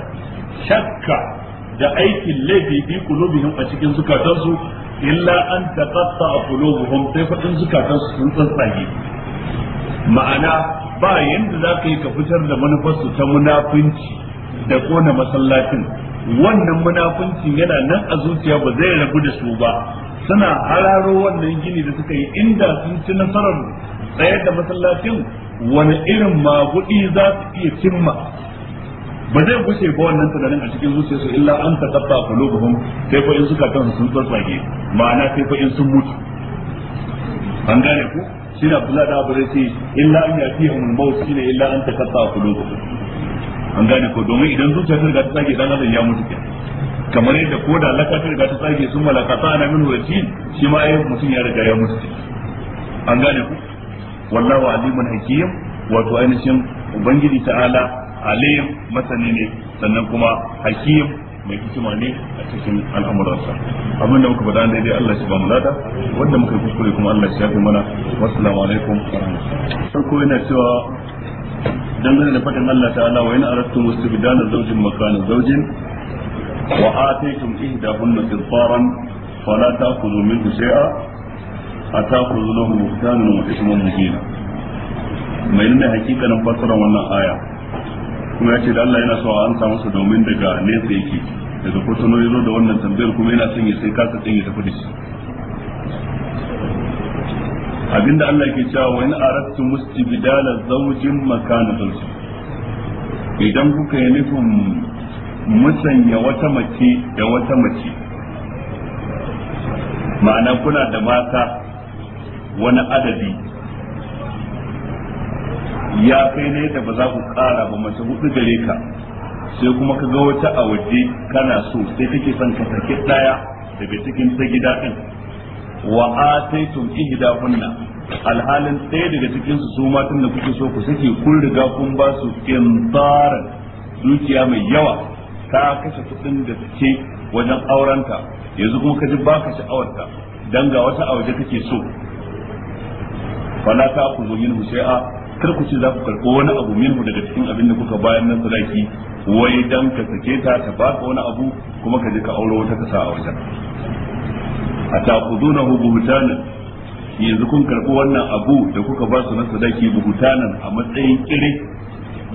shakka da aikin laifi bi kulubihim a cikin zukatansu illa an taqatta qulubuhum sai fadin zukatansu sun tsantsage ma'ana ba yanda za ka yi ka fitar da manufarsu ta munafunci da kona masallacin wannan munafuncin yana nan a zuciya ba zai rabu da su ba suna hararo wannan gini da suka yi inda sun ci nasarar tsayar da masallacin wani irin magudi za su iya cimma ba zai gushe ba wannan tunanin a cikin su illa an ta tabba qulubuhum sai ko in suka kansu sun tsatsage ma'ana sai ko in sun mutu an gane ku shine Abdullah da Abu Rafi illa an yatihum mun maut shine illa an ta taqaffa qulubuhum an gane ko domin idan zuciya ta riga ta tsage dan adam ya mutu kamar yadda ko da laka ta riga ta tsage sun malakata ana min wajin shi ma ai mutum ya riga ya mutu an gane ku wallahu alimun hakim wato ainihin ubangiji ta'ala alim masani ne sannan kuma hakim mai hikima ne a cikin al'amuransa abinda muka faɗa daidai Allah shi ba mu lada wanda muka kuskure kuma Allah shi ya fi mana wassalamu alaikum wa rahmatullahi farko yana cewa dangane da faɗin Allah ta'ala wa in aradtum istibdala zawjin makana zawjin wa ataytum ihdahunna qintaran fala ta'khudhu minhu shay'a atakhudhu lahu buhtanan wa ithman mubin mai nuna hakikanin fassarar wannan aya kuma ya ce da Allah yana so an samu su domin daga nesa yake daga kwatano ya zo da wannan tambayar kuma yana son ya sai kasa ɗin ya tafi da shi abinda Allah ke cewa wa in aradtu mustibdala zawjin makana zawjin idan kuka yi nufin musanya wata mace da wata mace ma'ana kuna da mata wani adadi ya kai ne da ba za ku kara ba mace hudu gare ka sai kuma ka ga wata a waje kana so sai kake son ka take daya daga cikin ta gida din wa ataytum ihda kunna alhalin ɗaya daga cikin su su matan da kuke so ku sake kun riga kun ba su fara dukiya mai yawa ka kashe kudin da take wajen aurenta yanzu kuma ka ji ba ka sha'awarta dan ga wata a waje kake so fala ta ku zo min a kar ku ce za ku karɓo wani abu minhu daga cikin abin da kuka bayan nan sadaki wai dan ka sake ta ta baka wani abu kuma ka je ka auro wata kasa a wajen A hu buhutanan yanzu kun karɓo wannan abu da kuka ba su na sadaki buhutanan a matsayin kire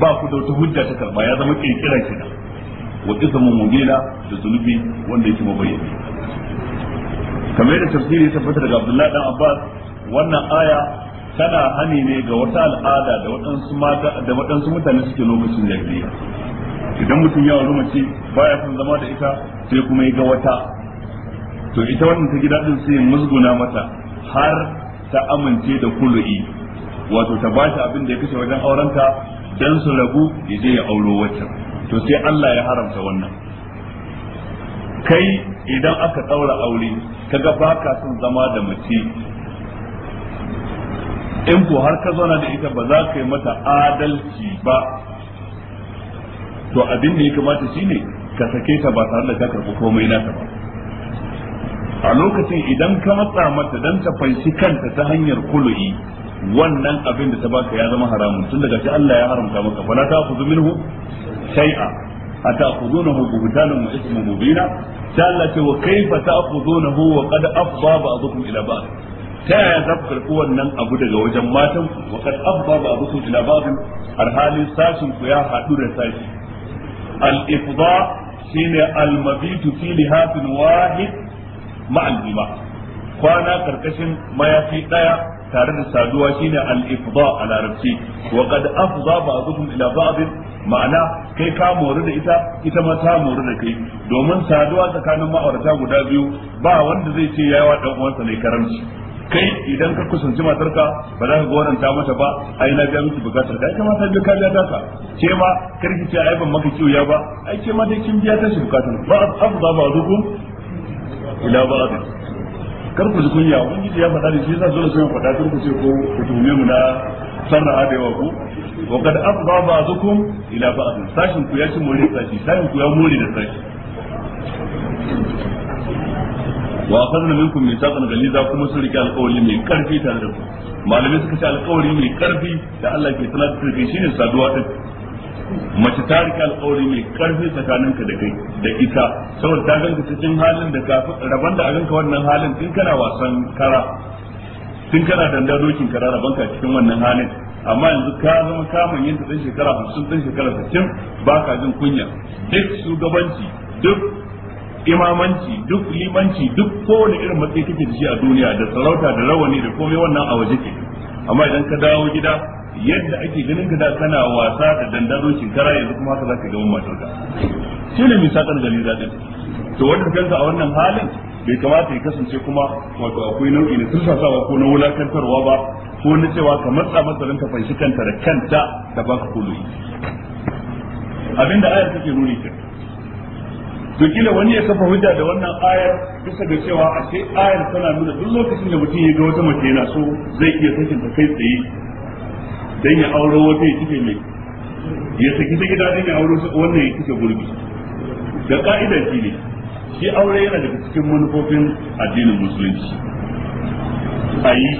ba ku da wata hujja ta karɓa ya zama kirkira nan wa mu mubila da zunubi wanda yake mabayyana kamar da tafsiri ya tabbata daga Abdullahi dan Abbas wannan aya kana hani ne ga wata al'ada da waɗansu mata da waɗansu mutane suke lokacin jahiliya idan mutum ya wuri mace baya son zama da ita sai kuma ya ga wata to ita wannan ta gida din sai musguna mata har ta amince da kulu'i wato ta ba shi abin da ya kashe wajen aurenta dan su rabu ya je ya auro waccan to sai Allah ya haramta wannan kai idan aka ɗaura aure kaga baka son zama da mace in ko har ka zauna da ita ba za ka yi mata adalci ba to abin da ya kamata shine ka sake ta ba tare da ka karɓi komai nata ba a lokacin idan ka matsa mata dan ta fanshi kanta ta hanyar kulu'i wannan abin da ta baka ya zama haramun tun daga shi Allah ya haramta maka fala ta khudhu minhu shay'a ata'khudunahu buhtanan wa ismun mubina ta Allah ce wa kaifa ta'khudunahu wa qad afdha ba'dukum ila ba'd ta yaya za ku karɓi wannan abu daga wajen matan ku? kad abba ba abu su ila babin alhali sashin ku ya haɗu da sashi al-ifda shine al-mabitu fi lihafin wahid ma'al kwana karkashin mayafi daya tare da saduwa shine al-ifda a larabci wa qad afda ba'dhum ila ba'd ma'ana kai ka mori da ita ita ma ta mori da kai domin saduwa tsakanin ma'aurata guda biyu ba wanda zai ce yayi wa dan uwansa ne karamci kai idan ka kusanci matarka ba za ka ta mata ba ai na ga miki bukatar da kuma ta duka da ta ce ma karki ce ai ban maka kiyo ba ai ce ma dai kin biya ta shi bukatar ba afza ba zukum ila ba'd kar ku kunya wani ya faɗa da shi yasa dole sai ku faɗa kar ku ce ko ku tume mu na sarra da yawa ku wa kad afza ba zukum ila ba'd sashin ku ya ci more sashi sashin ku ya more da sashi wa akhadna minkum mithaqan ghaliza kuma sun rike alƙawari mai karfi tare da ku malamai suka ce alƙawari mai karfi da Allah ke tunatar da shine saduwa ta mace ta rike alƙawari mai karfi tsakaninka da kai da ita saboda ta ganka cikin halin da kafin raban da a ganka wannan halin tun kana wasan kara tun kana danda dokin kara ka cikin wannan halin amma yanzu ka zama kamun yin ɗan shekara 50 ɗan shekara 60 ba ka jin kunya duk shugabanci duk imamanci duk limanci duk kowane irin matsayi kake da shi a duniya da sarauta da rawani da komai wannan a waje ke amma idan ka dawo gida yadda ake ganin ka da kana wasa da dandazo shinkara yanzu kuma haka zaka ga matar ka shi ne misakar gani zaɗin to wanda kanka a wannan halin bai kamata ya kasance kuma wato akwai nau'i na tursasawa ko na wulakantarwa ba ko na cewa ka matsa matsalin ka fanshi kanta da kanta da baka kuluyi abinda ayar take nuni kenan to kila wani ya kafa hujja da wannan ayar bisa da cewa a ce ayar tana nuna duk lokacin da mutum ya ga wata mace yana so zai iya sakin ta kai tsaye dan ya auro wata ya cike mai ya saki ta gida dan ya auro wannan ya cike gurbi da ka'idar shi ne shi aure yana daga cikin manufofin addinin musulunci yi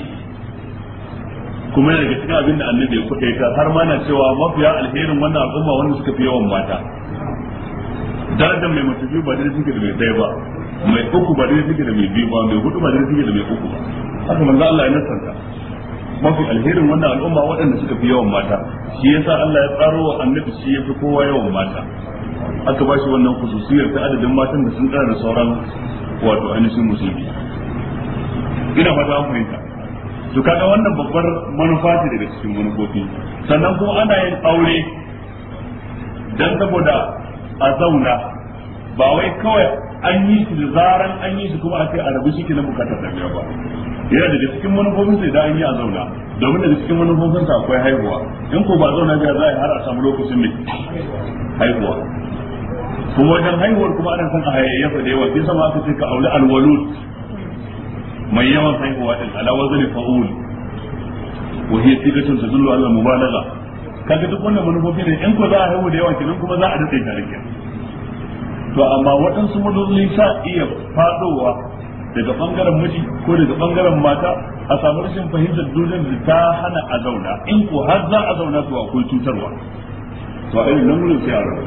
kuma yana daga cikin abin da annabi ya kuka har ma na cewa mafiya alherin wannan al'umma wanda suka fi yawan mata darajar mai mace ba dai suke da mai ɗaya ba mai uku ba dai suke da mai biyu ba mai hudu ba dai suke da mai uku ba haka manzo Allah ya nasanta mafi alherin wannan al'umma waɗanda suka fi yawan mata shi yasa Allah ya tsaro wa annabi shi yafi kowa yawan mata aka ba shi wannan kususiyar ta adadin matan da sun tsara sauran wato ainihin musulmi ina fata an fahimta to kaga wannan babbar manufa ce daga cikin manufofi sannan ko ana yin aure dan saboda a zauna ba wai kawai an yi shi da zaran an yi shi kuma a kai a rabu shi ke na bukatar tafiya ba yana daga cikin manufofin sai da an yi a zauna domin daga cikin manufofin sa akwai haihuwa in ko ba zauna biya za a har a samu lokacin mai haihuwa kuma wajen haihuwar kuma ana son a hayayyafa da yawa sai sama aka ce ka auli alwalud mai yawan haihuwa din ala wazani fa'ul wa hiya sigatun tadullu ala mubalagha kaga duk wannan manufofi ne in ko za a haihu da yawa kenan kuma za a daɗe tare kenan to amma waɗansu matsaloli sa iya fadowa daga bangaren miji ko daga bangaren mata a samu rashin fahimtar duniyar da ta hana a zauna in ko har za a zauna to akwai cutarwa to a irin nan gudun sai a rabu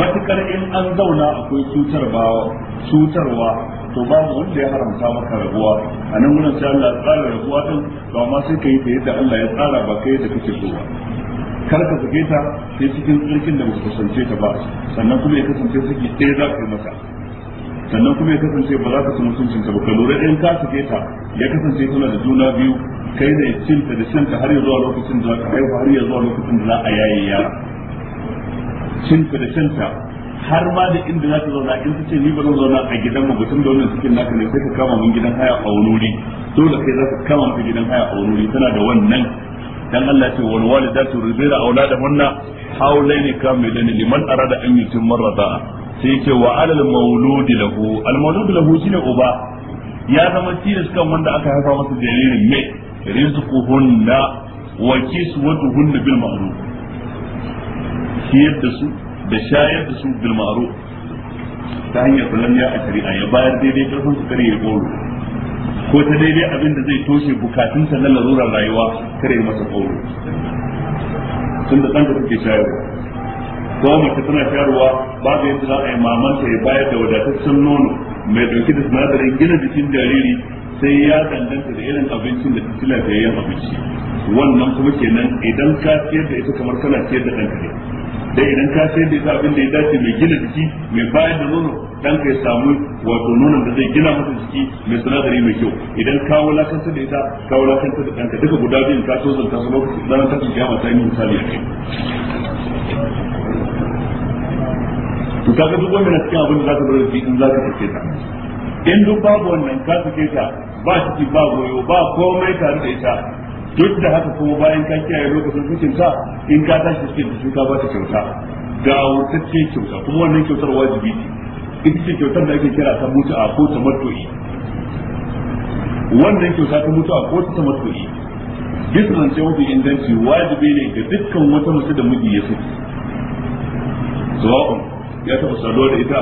matukar in an zauna akwai cutarwa to babu wanda ya haramta maka rabuwa a nan wurin sai Allah ya tsara rabuwa din to amma sai ka yi ta yadda Allah ya tsara ba kai da kake so ba kar ka sake ta sai cikin tsirkin da ba kusance ta ba sannan kuma ya kasance saki ɗaya za ka yi masa sannan kuma ya kasance ba za ka ci mutuncin ka ba ka lura in ka sake ta ya kasance tana da juna biyu kai da ta da ta har ya zuwa lokacin da za ka haihu har ya zuwa lokacin da za a yaye yara cinta da ta. har ma da inda za ta zauna in ce ni ba zan zauna a gidan mu mutum da wannan cikin naka ne sai ka kama mun gidan haya a wuri dole kai za ka kama mun gidan haya a wuri tana da wannan dan Allah ce wal walidatu rizira auladahunna hawlaini kamilaini liman arada an yutimma radaa sai yake wa alal mauludi lahu al mauludi lahu shine uba ya zama tilis kan wanda aka haifa masa jaririn mai rizquhunna wa kiswatuhunna bil ma'ruf ciyar da su da shayar da su bilmaru ta hanyar ya a shari'a ya bayar daidai karfin su kare ya goro ko ta daidai abin da zai toshe bukatunsa na larurar rayuwa kare masa goro sun da ɗanka suke shayarwa ko mace tana shayarwa babu yadda za a yi mamanta ya bayar da wadataccen nono mai ɗauke da sinadarin gina jikin jariri sai ya danganta da irin abincin da da lafiyayyen abinci wannan kuma kenan idan ka ciyar da ita kamar kana ciyar da ɗanka ne dai idan ka sayar da ita abin da ya dace mai gina jiki mai bayar da nono dan ka samu wato nonon da zai gina masa jiki mai sinadari mai kyau idan ka wulakanta da ita ka wulakanta da kanka duka guda biyun ka so zan zanta su lokacin ranar tashin kiyama ta yi misali a kai to ka ga duk wannan cikin abin da zaka bar jiki in zaka fice ta in duk babu wannan ka fice ta ba ciki ba goyo ba komai tare da ita duk da haka kuma bayan ka kiyaye lokacin cikin ka in ka tashi cikin da shuka ba ta kyauta ga wutacce kyauta kuma wannan kyautar wajibi ce ita ce kyautar da ake kira ta mutu a ta matoyi wannan kyauta ta mutu a kotu ta matoyi duk zance wajen inganci wajibi ne ga dukkan wata mace da miji ya saki. sawa'un ya taɓa saduwa da ita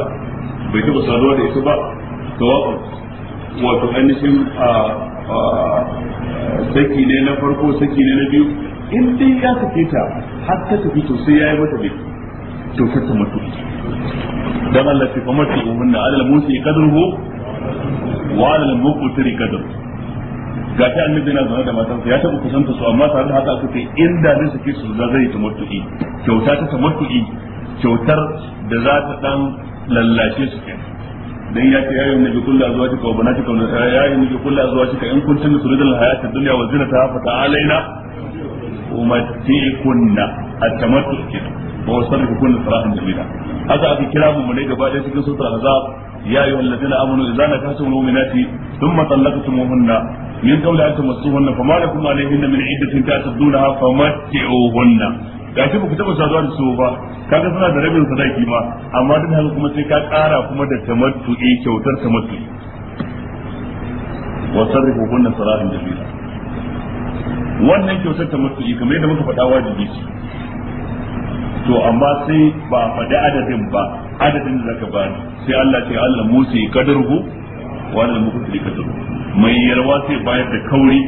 bai taɓa saduwa da ita ba sawa'un wato ainihin ah, ah, saki ne na farko saki ne na biyu in dai ya saki ta har ta tafi to sai yayi mata biki to kar ta mutu dan Allah ce kamar ta umunna alal musi kadruhu wa alal muqtiri kadru ga ta annabi na zaune da matansa ya taɓa kusanta su amma tare da haka aka kai inda ne suke su da zai tamattu'i kyauta ta tamattu'i kyautar da za ta dan lallace su kenan dan ya ce yayin nabi kullu azwajika wa banatika wa yayin nabi kullu azwajika in kuntum turidul hayata dunya wa zinataha fa ta'alaina umatikunna at-tamattu wa wasarrifukunna sarahan jamila haka aka kira mu ne gaba ɗaya cikin sura azab ya ayyuhal ladina amanu idza nakahtum mu'minati thumma talaqtumuhunna min qawli an tamassuhunna fama lakum alayhinna min iddatin ta'tadunaha famatti'uhunna ga shi ku taba saduwa da su ba kaga suna da rabin sadaki ma amma duk haka kuma sai ka ƙara kuma da tamattu'i kyautar tamattu wa sarrifu kunna sarahin jamila wannan kyautar tamattu'i kamar yadda muka faɗa wajibi ce to amma sai ba faɗi adadin ba adadin da zaka bani sai Allah ce Allah Musa ya kadarhu wa Allah da ya kadarhu mai yarwa sai bayar da kauri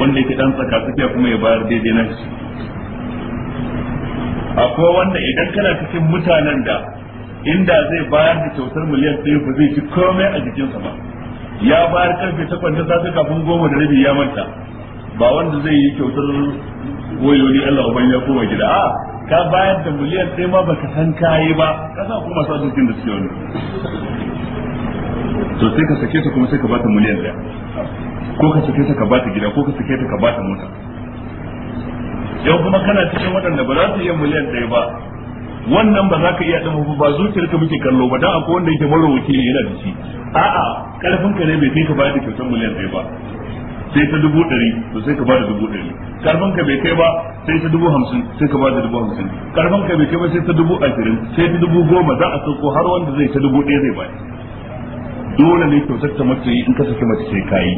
wanda yake dan tsaka tsakiya kuma ya bayar daidai na shi akwai wanda idan kana cikin mutanen da inda zai bayar da kyautar miliyan ɗaya ba zai ci komai a jikinsa ba ya bayar karfe takwas da safe kafin goma da rabi ya manta ba wanda zai yi kyautar wayoyi Allah uban ya koma gida a ka bayar da miliyan ɗaya ma baka san kayi ba ka sa kuma sa dukin da suke wani to sai ka sake ta kuma sai ka bata miliyan ɗaya ko ka sake ta ka bata gida ko ka sake ta ka bata mota yau kuma kana cikin waɗanda ba za su iya miliyan ɗaya ba wannan ba za ka iya ɗan ba zuciyar ka muke kallo ba dan akwai wanda yake marowaci ne yana da shi a'a karfin ka ne bai kai ka bayar da kyautar miliyan ɗaya ba sai ta dubu ɗari to sai ka bada dubu ɗari karfin ka bai kai ba sai ta dubu hamsin sai ka bada dubu hamsin karfin ka bai kai ba sai ta dubu ashirin sai ta dubu goma za a sauko har wanda zai ta dubu ɗaya zai bayar dole ne kyautar ta mace in ka saki mace sai yi.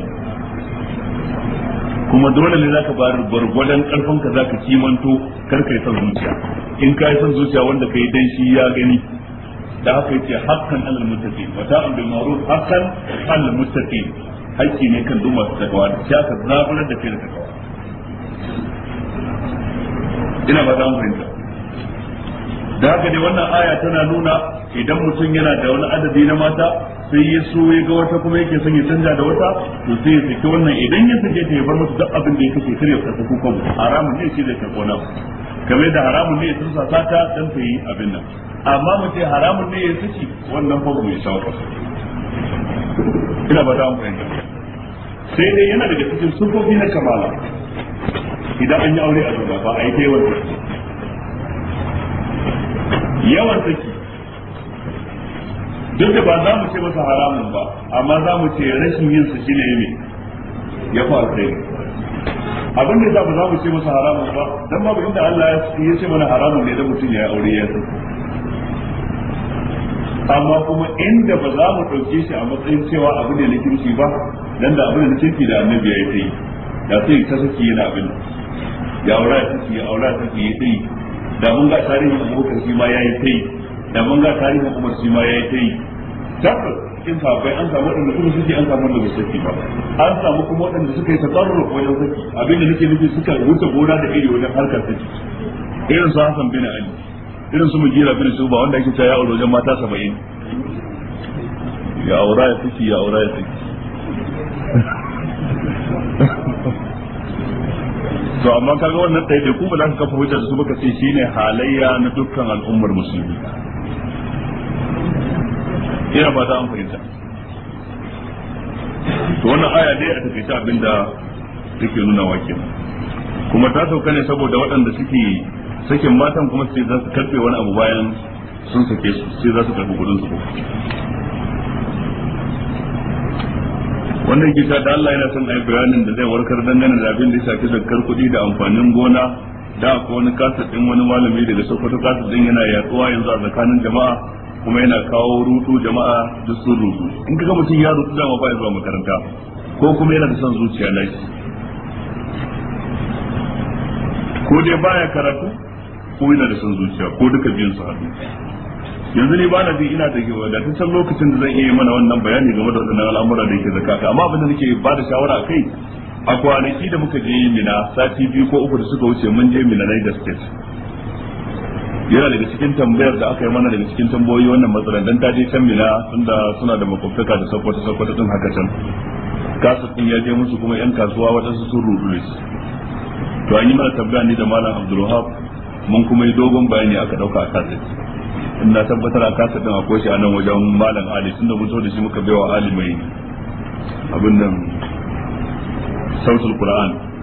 kuma dole ne zaka bayar gwargwadon karfin ka zaka kimanto kar kai son zuciya in ka yi son zuciya wanda kai dan shi ya gani da haka yace hakkan alal muttaqin wa ta'am bil ma'ruf hakkan alal muttaqin hakki ne kan duma da gawa da shi aka zaburar da kai da gawa ina ba za mu fahimta da haka dai wannan aya tana nuna idan mutum yana da wani adadi na mata sai ya so ya ga wata kuma yake son ya canja da wata to sai ya saki wannan idan ya saki ta ya bar musu duk abin da ya kace kare ka ku kuma haramun ne shi da ka kona kamar da haramun ne ya tsunsa sata dan ta yi abin nan amma mu ce haramun ne ya saki wannan fa mai sauka. ina ba da mu sai dai yana daga cikin sufofi na kamala idan an yi aure a gaba ba a yi ta yawan yawan duk da ba za mu ce masa haramun ba amma za mu ce rashin yin su shine ne ya faru alkhairi abin da ba za mu ce masa haramun ba dan babu inda Allah ya ce mana haramun ne da mutum ya aure ya san amma kuma inda ba za mu ɗauke shi a matsayin cewa abin ne na ba dan da abin da na kirki da annabi ya yi da sai ta saki yana abin ya aura ta ya aura ta yi da mun ga tarihin abokan shi ma ya yi sai da mun ga tarihin Umar shi ma ta yi tabbas cikin sahabbai an samu waɗanda kuma suke an samu wadanda saki ba an samu kuma waɗanda suka yi tasarruf wajen saki abinda nake nufi suka wuce gona da iri wajen harkar saki irin su hasan bin Ali irin su mujira bin Suba wanda yake ta ya aure wajen mata saba'in. ya aura ya saki ya aura ya saki to amma kaga wannan ɗaya da kuma ba za ka kafa hujjar su baka ce shine halayya na dukkan al'ummar musulmi ina ba ta to wannan aya dai a tafi ta abinda take nuna wake kuma ta sauka ne saboda waɗanda suke sakin matan kuma sai za su karfe wani abu bayan sun sake su sai za su karfe kudin su wannan gita da Allah yana son a bayanin da zai warkar dangane da abin da ya shafi zakar kuɗi da amfanin gona da ko wani kasa din wani malami daga Sokoto kasa din yana yaduwa yanzu a tsakanin jama'a kuma yana kawo rutu jama'a duk sun rutu in kaga mutum ya rutu dama ba ya zuwa makaranta ko kuma yana da son zuciya na shi ko dai baya karatu ko yana da son zuciya ko duka biyun su haɗu yanzu ne ba na ji ina da san lokacin da zan iya mana wannan bayani game da wadannan al'amura da yake zakata amma abin da nake ba da shawara a kai a kwanaki da muka je mina sati biyu ko uku da suka wuce mun je mina na state yana daga cikin tambayar da aka yi mana daga cikin tambayoyi wannan matsalar dan ta je can mina tunda suna da makwabtaka da sakwata sakwata tun haka can kasar din ya je musu kuma yan kasuwa waɗansu sun su to an yi mana tambaya ni da malam abdulwahab mun kuma yi dogon bayani aka ɗauka a kasar ina tabbatar a kasar din akwai shi a nan wajen malam ali tunda mun so da shi muka baiwa ali mai abin nan sautul qur'an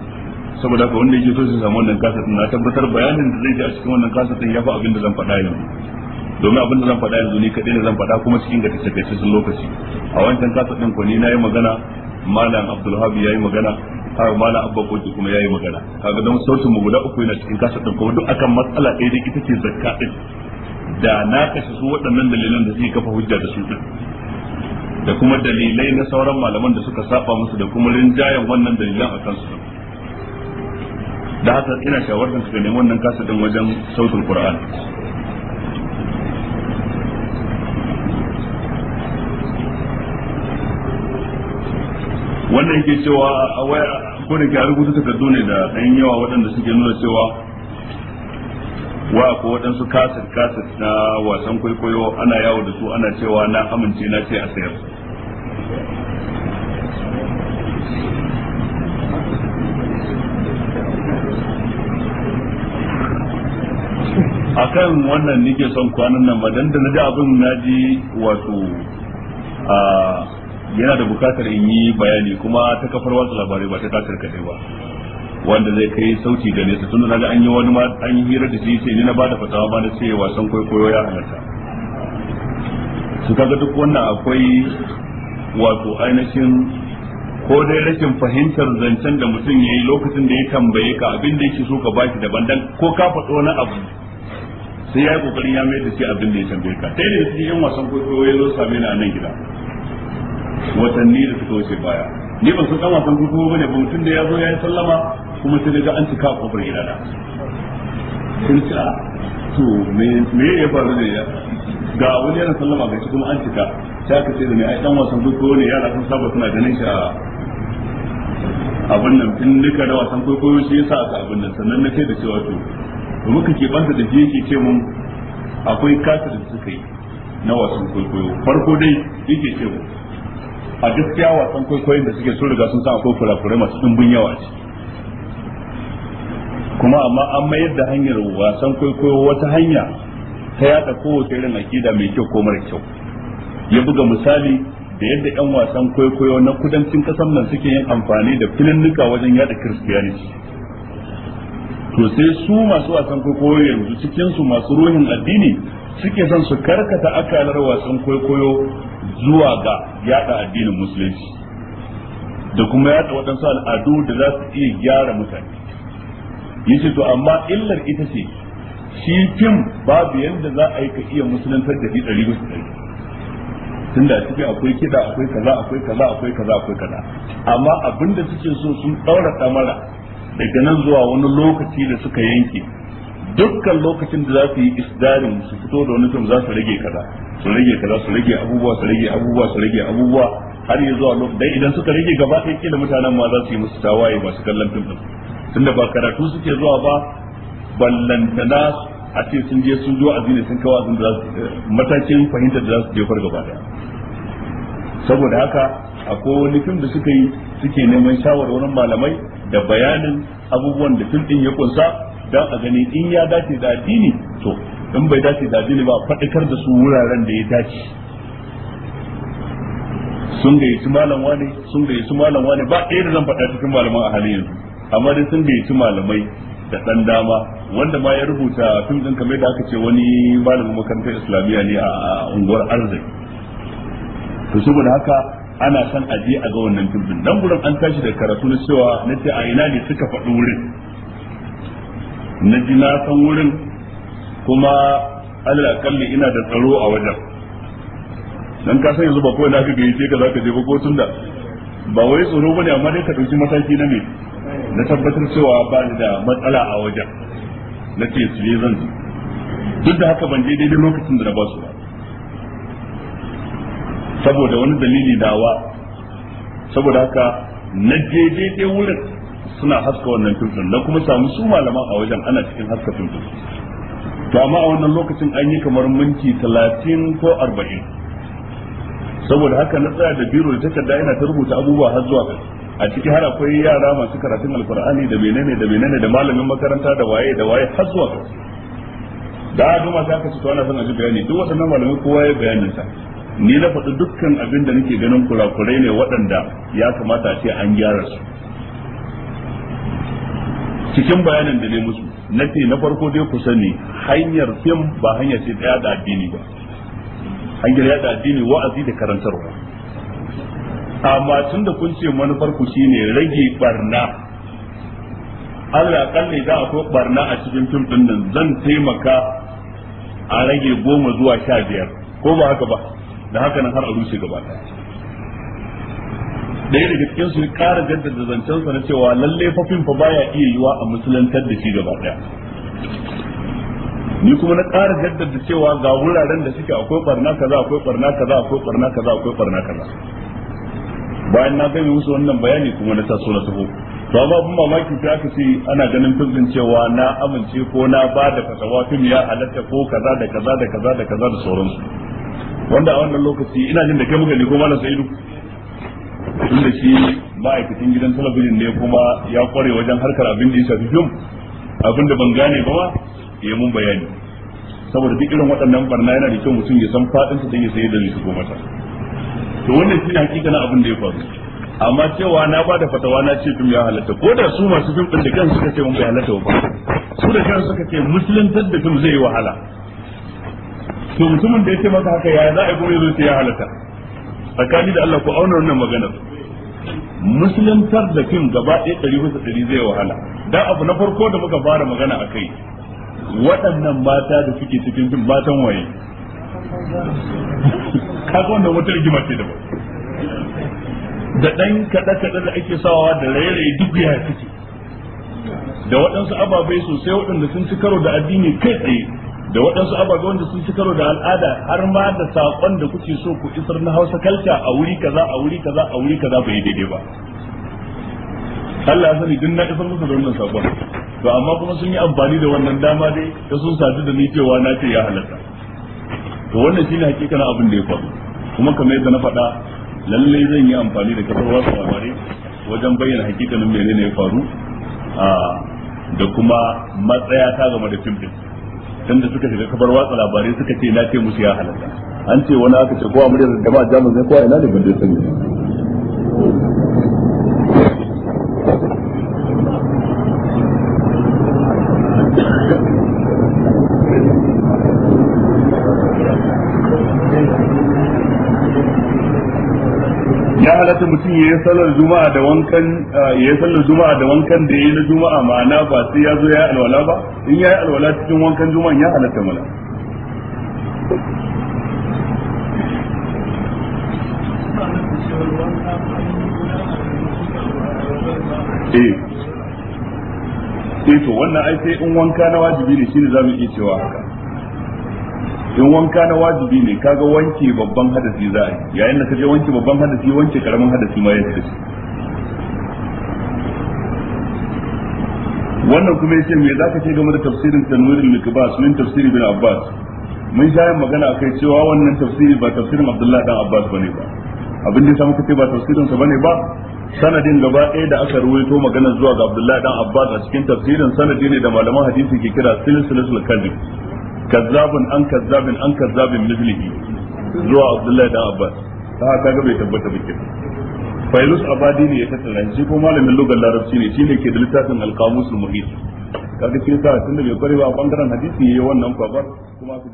saboda haka wanda yake so su samu wannan kasa na tabbatar bayanin da zai ji a cikin wannan kasa din ya fi abin da zan faɗa yanzu domin abin da zan faɗa yanzu ni kaɗai da zan faɗa kuma cikin ga sun lokaci a wancan kasa din ko ni na yi magana malam abdulhabi ya yi magana har malam abba koki kuma ya yi magana kaga don sautin mu guda uku yana cikin kasa din kuma duk akan matsala ɗaya da ita ce zakka ɗin da na kashe su waɗannan dalilan da suke kafa hujja da su ɗin da kuma dalilai na sauran malaman da suka saba musu da kuma rinjayen wannan dalilan a kansu da haka ina shawartar ka neman wannan kasa wajen sautul qur'an wannan yake cewa a waya ko da gudu ta takardu ne da ɗan yawa waɗanda suke nuna cewa wa ko waɗansu kasir kasir na wasan kwaikwayo ana yawo da su ana cewa na amince na ce a sayar akan wannan nike son kwanan nan madan da naji abin naji wato a yana da bukatar in yi bayani kuma ta kafar wasu labarai ba ta takar kadai ba wanda zai kai sauti da nesa tun an yi wani ma an yi hira da shi sai ni na bada fatawa ba na ce wasan kwaikwayo ya halatta su kaga duk wannan akwai wato ainihin ko dai rashin fahimtar zancen da mutum ya yi lokacin da ya tambaye ka abin da yake so ka shi daban dan ko ka faɗo na abu sai ya yi kokarin ya mai da shi abin da ya tambaye ka sai da cikin yan wasan kwaikwayo ya zo same ni a nan gida watanni da suka wuce baya ni ban san kan wasan kwaikwayo ne ba mutum da ya zo ya yi sallama kuma sai ga an cika kofar na. sun ci a ah, to me ya faru da ya ga wani yana sallama ga shi kuma an cika sai aka ce da ni a dan wasan kwaikwayo ne yara sun saba suna ganin shi a abin nan tun duka da wasan kwaikwayo shi ya aka abin nan sannan na ce da cewa to muka ke banta da ke ce mun akwai kasar da suka yi na wasan kwaikwayo farko dai yake ce mun a gaskiya wasan kwaikwayon da suke so riga sun san akwai kurakurai masu dimbin yawa ce kuma amma an mayar da hanyar wasan kwaikwayo wata hanya ta yada kowace irin akida mai kyau ko mara kyau ya buga misali da yadda 'yan wasan kwaikwayo na kudancin kasar nan suke yin amfani da nuka wajen yada kiristiyaniti to sai su masu wasan kwaikwayo yanzu cikin su masu ruhin addini suke son su karkata akalar wasan kwaikwayo zuwa ga yada addinin musulunci da kuma yada waɗansu al'adu da za su iya gyara mutane yace to amma illar ita ce shi fim babu yadda za a yi ka iya musulantar da shi ɗari bisa ɗari tunda a cikin akwai kiɗa akwai kaza akwai kaza akwai kaza akwai kaza amma abinda suke so sun ɗaura ɗamara daga nan zuwa wani lokaci da suka yanke dukkan lokacin da za su yi isdarin su fito da wani fim za su rage kaza su rage kaza su rage abubuwa su rage abubuwa su rage abubuwa har ya zuwa lokacin da idan suka rage gaba ɗaya kila mutanen ma za su yi musu tawaye masu kallon fim Tun da ba karatu suke zuwa ba ballantana a ce sun je sun zo azini sun kawo azin da za su eh, matakin fahimtar da za su jefar gaba ɗaya saboda haka akwai wani fim da suka yi suke neman shawarwarin malamai da bayanin abubuwan da fim din ya kunsa dan a gani in ya dace da addini to in bai dace da addini ba faɗakar da su wuraren da ya dace sun gayyaci malam wane sun gayyaci malam wane ba ɗaya da zan faɗa cikin malaman a halin yanzu amma dai sun gayyaci malamai da ɗan dama wanda ma ya rubuta fim ɗin kamar da aka ce wani malamin makarantar islamiyya ne a unguwar arziki, to saboda haka ana san a a ga wannan turbin dan gurin an tashi da karatu na cewa na ce a ina ne suka faɗi wurin na ji na san wurin kuma Allah kalli ina da tsaro a wajen dan ka san yanzu ba kawai na ka gayyace ka zaka je ba ko tunda ba wai tsoro bane amma dai ka dauki mataki na me na tabbatar cewa ba ni da matsala a wajen na ce su je zan duk da haka ban je daidai lokacin da na ba su ba saboda wani dalili dawa saboda haka na je daidai wurin suna haska wannan filtrin na kuma samu su malaman a wajen ana cikin haska filtrin to amma a wannan lokacin an yi kamar minti talatin ko arba'in saboda haka na tsaya da biro da takarda yana ta rubuta abubuwa har zuwa a ciki har akwai yara masu karatun alkur'ani da menene da menene da malamin makaranta da waye da waye har zuwa da a gama ta kasu to ana son a ji bayani duk waɗannan malamin kowa ya bayanin sa ni na faɗi dukkan abin da nake ganin kurakurai ne waɗanda ya kamata a ce an gyara su cikin bayanin da ne musu na ce na farko dai ku sani hanyar fim ba hanyar ce ta yada addini ba hanyar yada addini wa'azi da karantarwa amma tun da kun ce manufar ku shine rage barna Allah kalle za a ko barna a cikin fim din nan zan taimaka a rage goma zuwa sha biyar ko ba haka ba da haka nan har a rushe gaba ɗaya daga cikin su ƙara jaddada zancensa na cewa lalle fafin fa baya iya yiwa a musulantar da shi gaba ɗaya ni kuma na ƙara jaddada cewa ga wuraren da suke akwai barna kaza akwai barna kaza akwai barna kaza akwai barna kaza bayan na gami musu wannan bayani kuma na taso na taho to amma abin mamaki ta aka ce ana ganin filin cewa na amince ko na ba da fasawa fim ya halatta ko kaza da kaza da kaza da kaza da sauransu wanda a wannan lokaci ina jin da kai muka ne ko malam sa'idu tunda shi ma'aikacin gidan talabijin ne kuma ya kware wajen harkar abin da ya shafi fim abin da ban gane ba ma ya mun bayani saboda duk irin waɗannan barna yana da kyau mutum ya san faɗin sa dan ya sayi da su ko mata to wannan hakika hakikanin abin da ya faru amma cewa na ba da fatawa na ce fim ya halatta ko da su masu fim din da kansu suka ce mun bai halatta ba su da kansu suka ce musulun da fim zai yi wahala to mutumin da ya masa haka ya za a kuma yazo ya halata tsakani da Allah ko auna wannan magana musulantar da kin gaba ɗaya ɗari hudu ɗari zai wahala da abu na farko da muka fara magana a kai waɗannan mata da suke cikin fim matan waye kaga wannan wata rigima ce ba da ɗan kaɗe-kaɗe da ake sawa da raye-raye duk ya ciki da waɗansu ababai sosai waɗanda sun ci karo da addini kai tsaye da waɗansu ababe wanda sun ci karo da al'ada har ma da saƙon da kuke so ku isar na hausa kalca a wuri kaza a wuri kaza a wuri kaza bai daidai ba Allah ya sani duk na isar musu da wannan saƙon to amma kuma sun yi amfani da wannan dama dai da sun sadu da ni cewa na ce ya halatta to wannan shine hakikanin abin da ya faru kuma kamar yadda na faɗa lallai zan yi amfani da kafar wasu labarai wajen bayyana hakikanin menene ya faru ah, da kuma matsaya ta game da fim din tunda suka shiga kabar watsa labarai suka ce na ce musu ya halatta an ce wani aka ce ko amuriyar da ba jamus ne ko ina ne ban sanyi. halatta mutum ya yi sallar juma'a da wankan ah, ya yi sallar juma'a da wankan da ya yi na juma'a ma'ana ba sai ya zo ya yi alwala ba in ya yi alwala cikin wankan juma'a ya halatta mana eh. eh to wannan ai sai in wanka na wajibi ne shine zamu iya cewa haka in wanka na wajibi ne kaga wanke babban hadasi za a yi yayin da kaje wanke babban hadasi wanke karamin hadasi ma ya shi wannan kuma yace me zaka ce game da tafsirin tanwirul mikbas min tafsiri bin abbas mun sha magana akai cewa wannan tafsiri ba tafsirin abdullahi dan abbas bane ba abin da samu kace ba tafsirin sa bane ba sanadin gaba ɗaya da aka ruwaito magana zuwa ga abdullahi dan abbas a cikin tafsirin sanadi ne da malaman hadisi ke kira silsilatul kadhib kazzabun an kazzabin an kazzabin mislihi zuwa abdullahi da abbas ta haka ga bai tabbata ba kenan failus abadi ne ya tattara shi ko malamin lugar larabci ne shine ke da littafin alqamusul muhit kaga shi sa tunda bai kware ba bangaren hadisi yi wannan kwabar